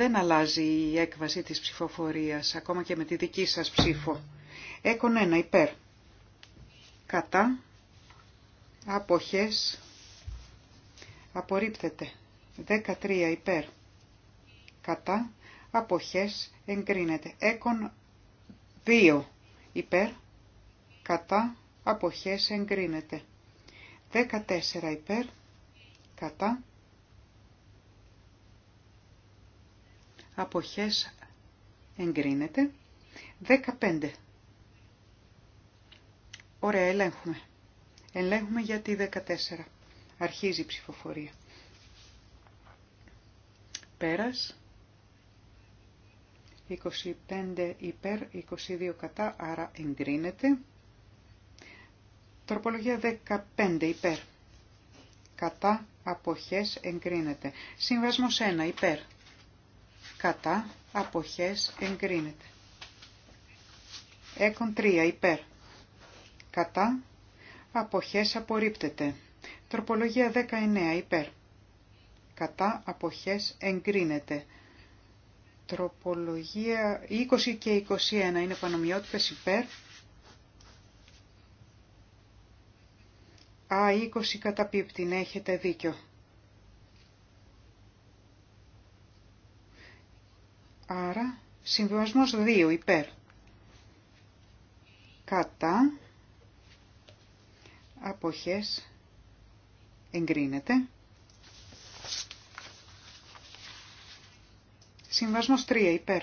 Δεν αλλάζει η έκβαση της ψηφοφορίας, ακόμα και με τη δική σας ψήφο. Έκον 1 υπέρ. Κατά. Αποχές. Απορρίπτεται. 13 υπέρ. Κατά. Αποχές. Εγκρίνεται. Έκον 2 υπέρ. Κατά. Αποχές. Εγκρίνεται. 14 υπέρ. Κατά. αποχές εγκρίνεται. 15. Ωραία, ελέγχουμε. Ελέγχουμε γιατί 14. Αρχίζει η ψηφοφορία. Πέρας. 25 υπέρ, 22 κατά, άρα εγκρίνεται. Τροπολογία 15 υπέρ. Κατά αποχές εγκρίνεται. Συμβασμός 1 υπέρ κατά, αποχές, εγκρίνεται. Έκον 3 υπέρ, κατά, αποχές, απορρίπτεται. Τροπολογία 19 υπέρ, κατά, αποχές, εγκρίνεται. Τροπολογία 20 και 21 είναι πανομοιότητες υπέρ. Α, 20 καταπίπτην, ναι, έχετε δίκιο. Άρα, συμβιβασμός 2 υπέρ. Κατά. Αποχές. Εγκρίνεται. Συμβασμός 3 υπέρ.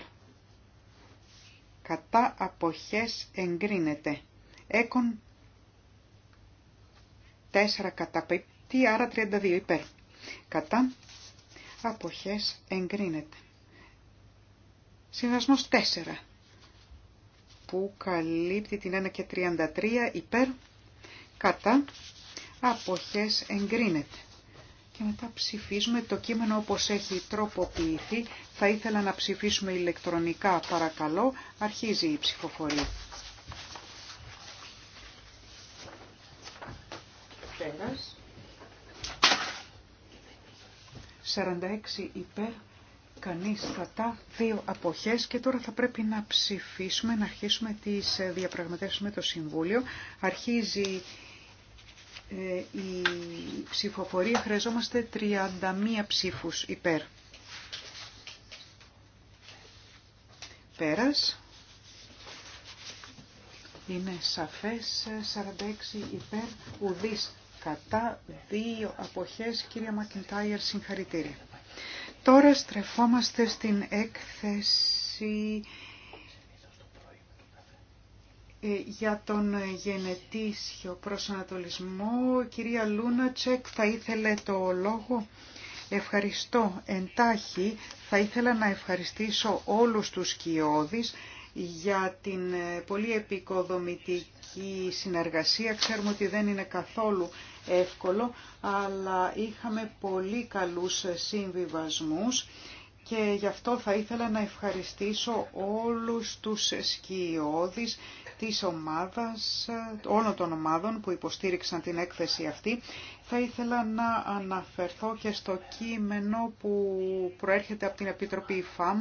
Κατά αποχές εγκρίνεται. Έκον 4 κατά τι άρα 32 υπέρ. Κατά αποχές εγκρίνεται. Συνδυασμός 4 που καλύπτει την 1 και 33 υπέρ κατά αποχές εγκρίνεται. Και μετά ψηφίζουμε το κείμενο όπως έχει τροποποιηθεί. Θα ήθελα να ψηφίσουμε ηλεκτρονικά παρακαλώ. Αρχίζει η ψηφοφορία. Πέρας. 46 υπέρ κανείς κατά, δύο αποχές και τώρα θα πρέπει να ψηφίσουμε, να αρχίσουμε τις ε, διαπραγματεύσεις με το Συμβούλιο. Αρχίζει ε, η ψηφοφορία, χρειαζόμαστε 31 ψήφους υπέρ. Πέρας. Είναι σαφές 46 ε, υπέρ ουδής κατά δύο αποχές. Κυρία Μακιντάιερ, συγχαρητήρια. Τώρα στρεφόμαστε στην έκθεση ε, για τον γενετήσιο προσανατολισμό. Κυρία Λούνατσεκ, θα ήθελε το λόγο. Ευχαριστώ εντάχει. Θα ήθελα να ευχαριστήσω όλους τους κοιόδης για την ε, πολύ επικοδομητική συνεργασία. Ξέρουμε ότι δεν είναι καθόλου εύκολο, αλλά είχαμε πολύ καλούς συμβιβασμούς και γι' αυτό θα ήθελα να ευχαριστήσω όλους τους σκιώδεις της ομάδας, όλων των ομάδων που υποστήριξαν την έκθεση αυτή. Θα ήθελα να αναφερθώ και στο κείμενο που προέρχεται από την Επιτροπή ΦΑΜ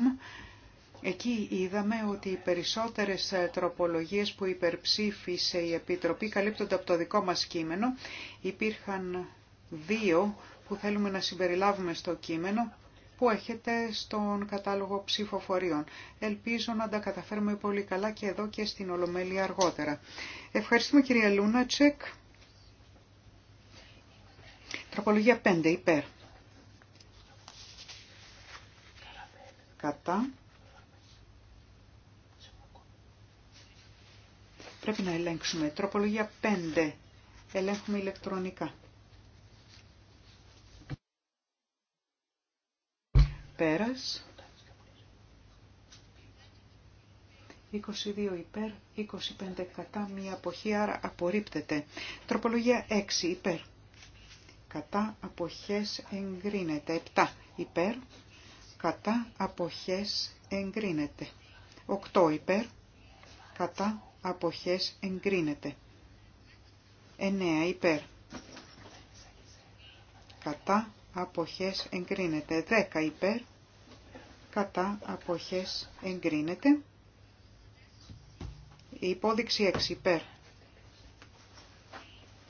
Εκεί είδαμε ότι οι περισσότερες ε, τροπολογίες που υπερψήφισε η Επιτροπή καλύπτονται από το δικό μας κείμενο. Υπήρχαν δύο που θέλουμε να συμπεριλάβουμε στο κείμενο που έχετε στον κατάλογο ψηφοφορίων. Ελπίζω να τα καταφέρουμε πολύ καλά και εδώ και στην Ολομέλεια αργότερα. Ευχαριστούμε κυρία Λούνατσεκ. Τροπολογία 5 υπέρ. Κατά. Πρέπει να ελέγξουμε. Τροπολογία 5. Ελέγχουμε ηλεκτρονικά. Πέρας. 22 υπέρ, 25 κατά, μία αποχή, άρα απορρίπτεται. Τροπολογία 6 υπέρ. Κατά αποχές εγκρίνεται. 7 υπέρ. Κατά αποχές εγκρίνεται. 8 υπέρ. Κατά αποχές εγκρίνεται. 9 υπέρ. Κατά αποχές εγκρίνεται. 10 υπέρ. Κατά αποχές εγκρίνεται. Η υπόδειξη 6 υπέρ.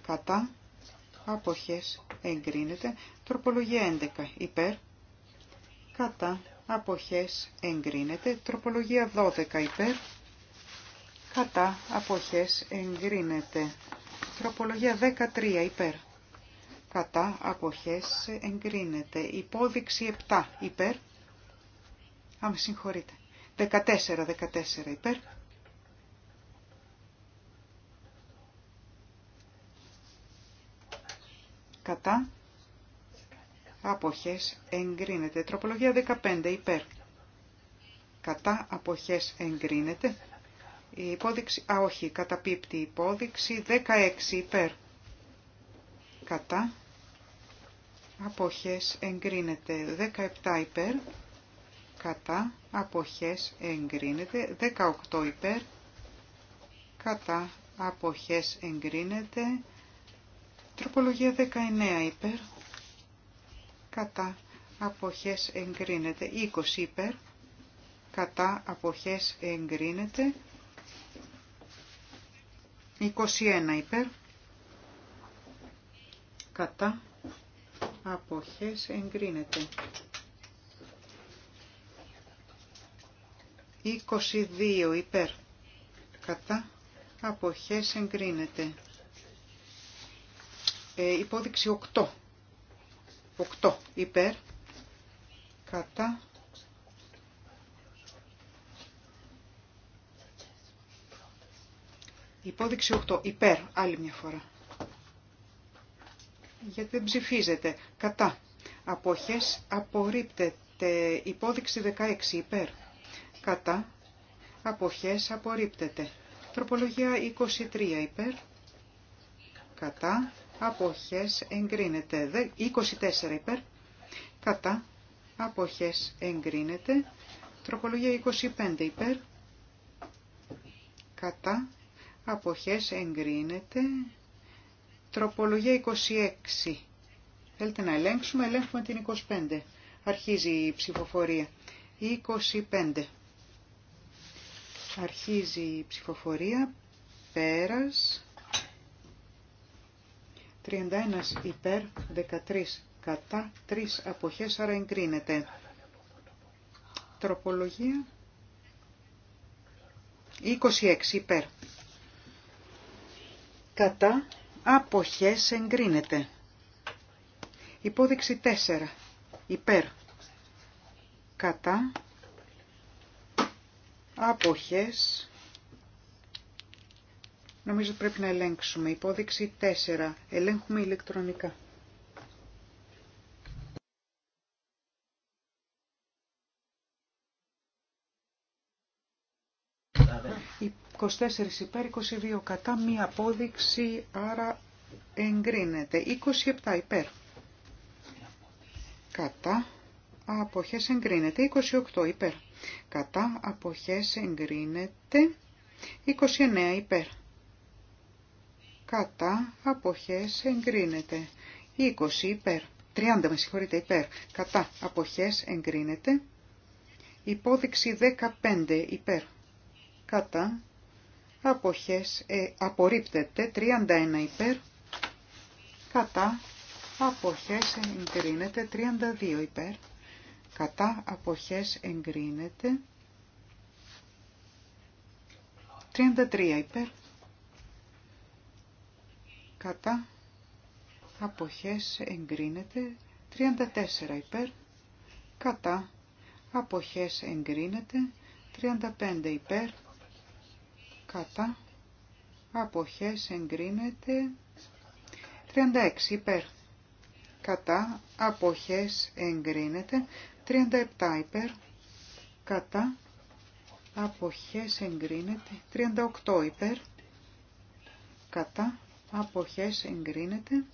Κατά αποχές εγκρίνεται. Τροπολογία 11 υπέρ. Κατά αποχές εγκρίνεται. Τροπολογία 12 υπέρ κατά αποχές εγκρίνεται. Τροπολογία 13 υπέρ. Κατά αποχές εγκρίνεται. Υπόδειξη 7 υπέρ. Α, με συγχωρείτε. 14, 14 υπέρ. Κατά αποχές εγκρίνεται. Τροπολογία 15 υπέρ. Κατά αποχές εγκρίνεται. Η υπόδειξη, α όχι, καταπίπτει η υπόδειξη, 16 υπέρ. Κατά. Αποχές εγκρίνεται 17 υπέρ. Κατά. Αποχές εγκρίνεται 18 υπέρ. Κατά. Αποχές εγκρίνεται. Τροπολογία 19 υπέρ. Κατά. Αποχές εγκρίνεται 20 υπέρ. Κατά. Αποχές εγκρίνεται 21 υπέρ. Κατά. Αποχές εγκρίνεται. 22 υπέρ. Κατά. Αποχές εγκρίνεται. Ε, υπόδειξη 8. 8 υπέρ. Κατά. Υπόδειξη 8. Υπέρ. Άλλη μια φορά. Γιατί δεν ψηφίζεται. Κατά. Αποχές απορρίπτεται. Υπόδειξη 16. Υπέρ. Κατά. Αποχές απορρίπτεται. Τροπολογία 23. Υπέρ. Κατά. Αποχές εγκρίνεται. 24. Υπέρ. Κατά. Αποχές εγκρίνεται. Τροπολογία 25. Υπέρ. Κατά αποχές εγκρίνεται. Τροπολογία 26. Θέλετε να ελέγξουμε, ελέγχουμε την 25. Αρχίζει η ψηφοφορία. 25. Αρχίζει η ψηφοφορία. Πέρας. 31 υπέρ, 13 κατά, 3 αποχές, άρα εγκρίνεται. Τροπολογία. 26 υπέρ, κατά αποχές εγκρίνεται. Υπόδειξη 4. Υπέρ. Κατά. Αποχές. Νομίζω πρέπει να ελέγξουμε. Υπόδειξη 4. Ελέγχουμε ηλεκτρονικά. 24 υπέρ, 22 κατά, μία απόδειξη, άρα εγκρίνεται. 27 υπέρ, κατά, αποχές εγκρίνεται. 28 υπέρ, κατά, αποχές εγκρίνεται. 29 υπέρ, κατά, αποχές εγκρίνεται. 20 υπέρ, 30 με συγχωρείτε υπέρ, κατά, αποχές εγκρίνεται. Υπόδειξη 15 υπέρ, κατά, αποχές ε, απορρίπτεται 31 υπέρ κατά αποχές εγκρίνεται 32 υπέρ κατά αποχές εγκρίνεται 33 υπέρ κατά αποχές εγκρίνεται 34 υπέρ κατά αποχές εγκρίνεται 35 υπέρ κατά, αποχές εγκρίνεται. 36 υπέρ, κατά, αποχές εγκρίνεται. 37 υπέρ, κατά, αποχές εγκρίνεται. 38 υπέρ, κατά, αποχές εγκρίνεται.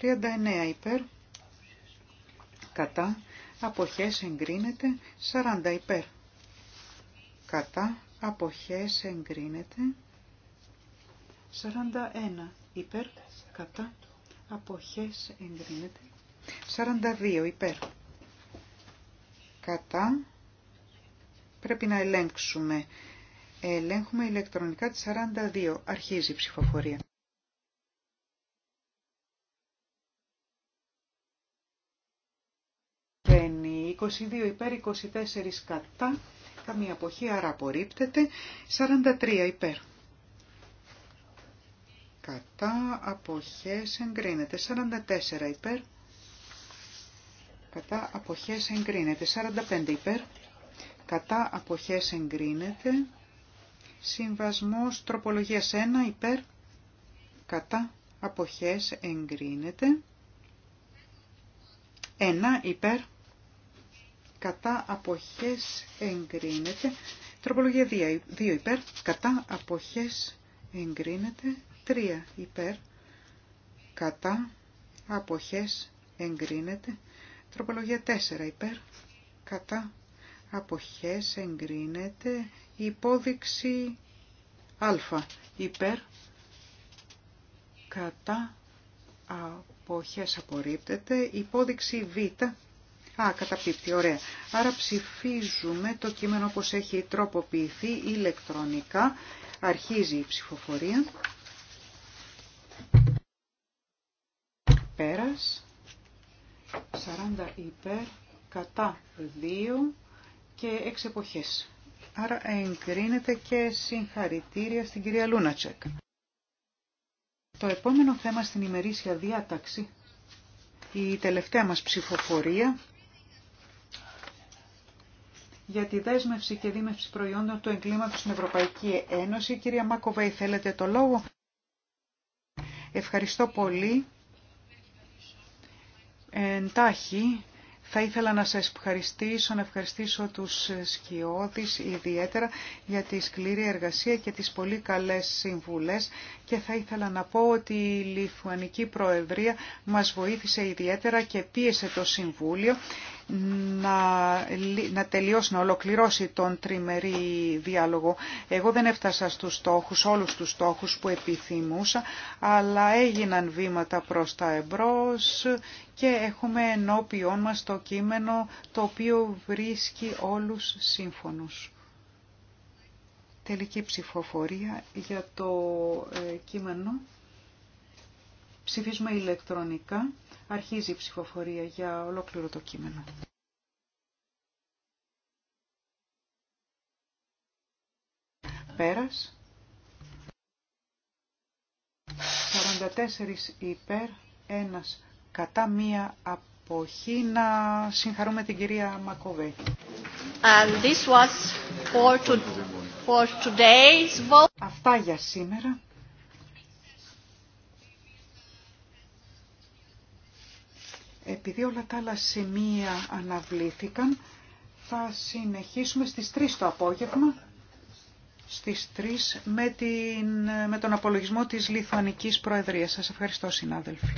39 υπέρ, κατά, αποχές εγκρίνεται. 40 υπέρ, κατά, αποχές εγκρίνεται 41 υπέρ κατά αποχές εγκρίνεται 42 υπέρ κατά πρέπει να ελέγξουμε ελέγχουμε ηλεκτρονικά τη 42 αρχίζει η ψηφοφορία 22 υπέρ 24 κατά Καμία αποχή, άρα απορρίπτεται. 43 υπέρ. Κατά αποχές εγκρίνεται. 44 υπέρ. Κατά αποχές εγκρίνεται. 45 υπέρ. Κατά αποχές εγκρίνεται. Συμβασμός τροπολογίας 1 υπέρ. Κατά αποχές εγκρίνεται. 1 υπέρ κατά αποχές εγκρίνεται. Τροπολογία 2 υπέρ, κατά αποχές εγκρίνεται. 3 υπέρ, κατά αποχές εγκρίνεται. Τροπολογία 4 υπέρ, κατά αποχές εγκρίνεται. Υπόδειξη α υπέρ, κατά αποχές απορρίπτεται. Υπόδειξη β Α, καταπίπτει, ωραία. Άρα ψηφίζουμε το κείμενο όπως έχει τροποποιηθεί ηλεκτρονικά. Αρχίζει η ψηφοφορία. Πέρας. 40 υπέρ, κατά 2 και 6 εποχές. Άρα εγκρίνεται και συγχαρητήρια στην κυρία Λούνατσεκ. Το επόμενο θέμα στην ημερήσια διάταξη, η τελευταία μας ψηφοφορία, για τη δέσμευση και δίμευση προϊόντων του εγκλήματος στην Ευρωπαϊκή Ένωση. Κυρία Μάκοβα, θέλετε το λόγο. Ευχαριστώ πολύ. Εντάχει, θα ήθελα να σας ευχαριστήσω, να ευχαριστήσω τους σκιώδεις ιδιαίτερα για τη σκληρή εργασία και τις πολύ καλές συμβουλές και θα ήθελα να πω ότι η Λιθουανική Προεδρία μας βοήθησε ιδιαίτερα και πίεσε το Συμβούλιο να, να τελειώσει, να ολοκληρώσει τον τριμερή διάλογο. Εγώ δεν έφτασα στους στόχους, όλους τους στόχους που επιθυμούσα, αλλά έγιναν βήματα προς τα εμπρός και έχουμε ενώπιόν μας το κείμενο το οποίο βρίσκει όλους σύμφωνους. Τελική ψηφοφορία για το ε, κείμενο. Ψηφίζουμε ηλεκτρονικά. Αρχίζει η ψηφοφορία για ολόκληρο το κείμενο. Πέρας. 44 υπέρ, ένας κατά μία αποχή. Να συγχαρούμε την κυρία Μακοβέ. And this was for, for today's vote. Αυτά για σήμερα. Επειδή όλα τα άλλα σημεία αναβλήθηκαν, θα συνεχίσουμε στις 3 το απόγευμα, στις 3 με, την, με τον απολογισμό της Λιθουανικής Προεδρίας. Σας ευχαριστώ συνάδελφοι.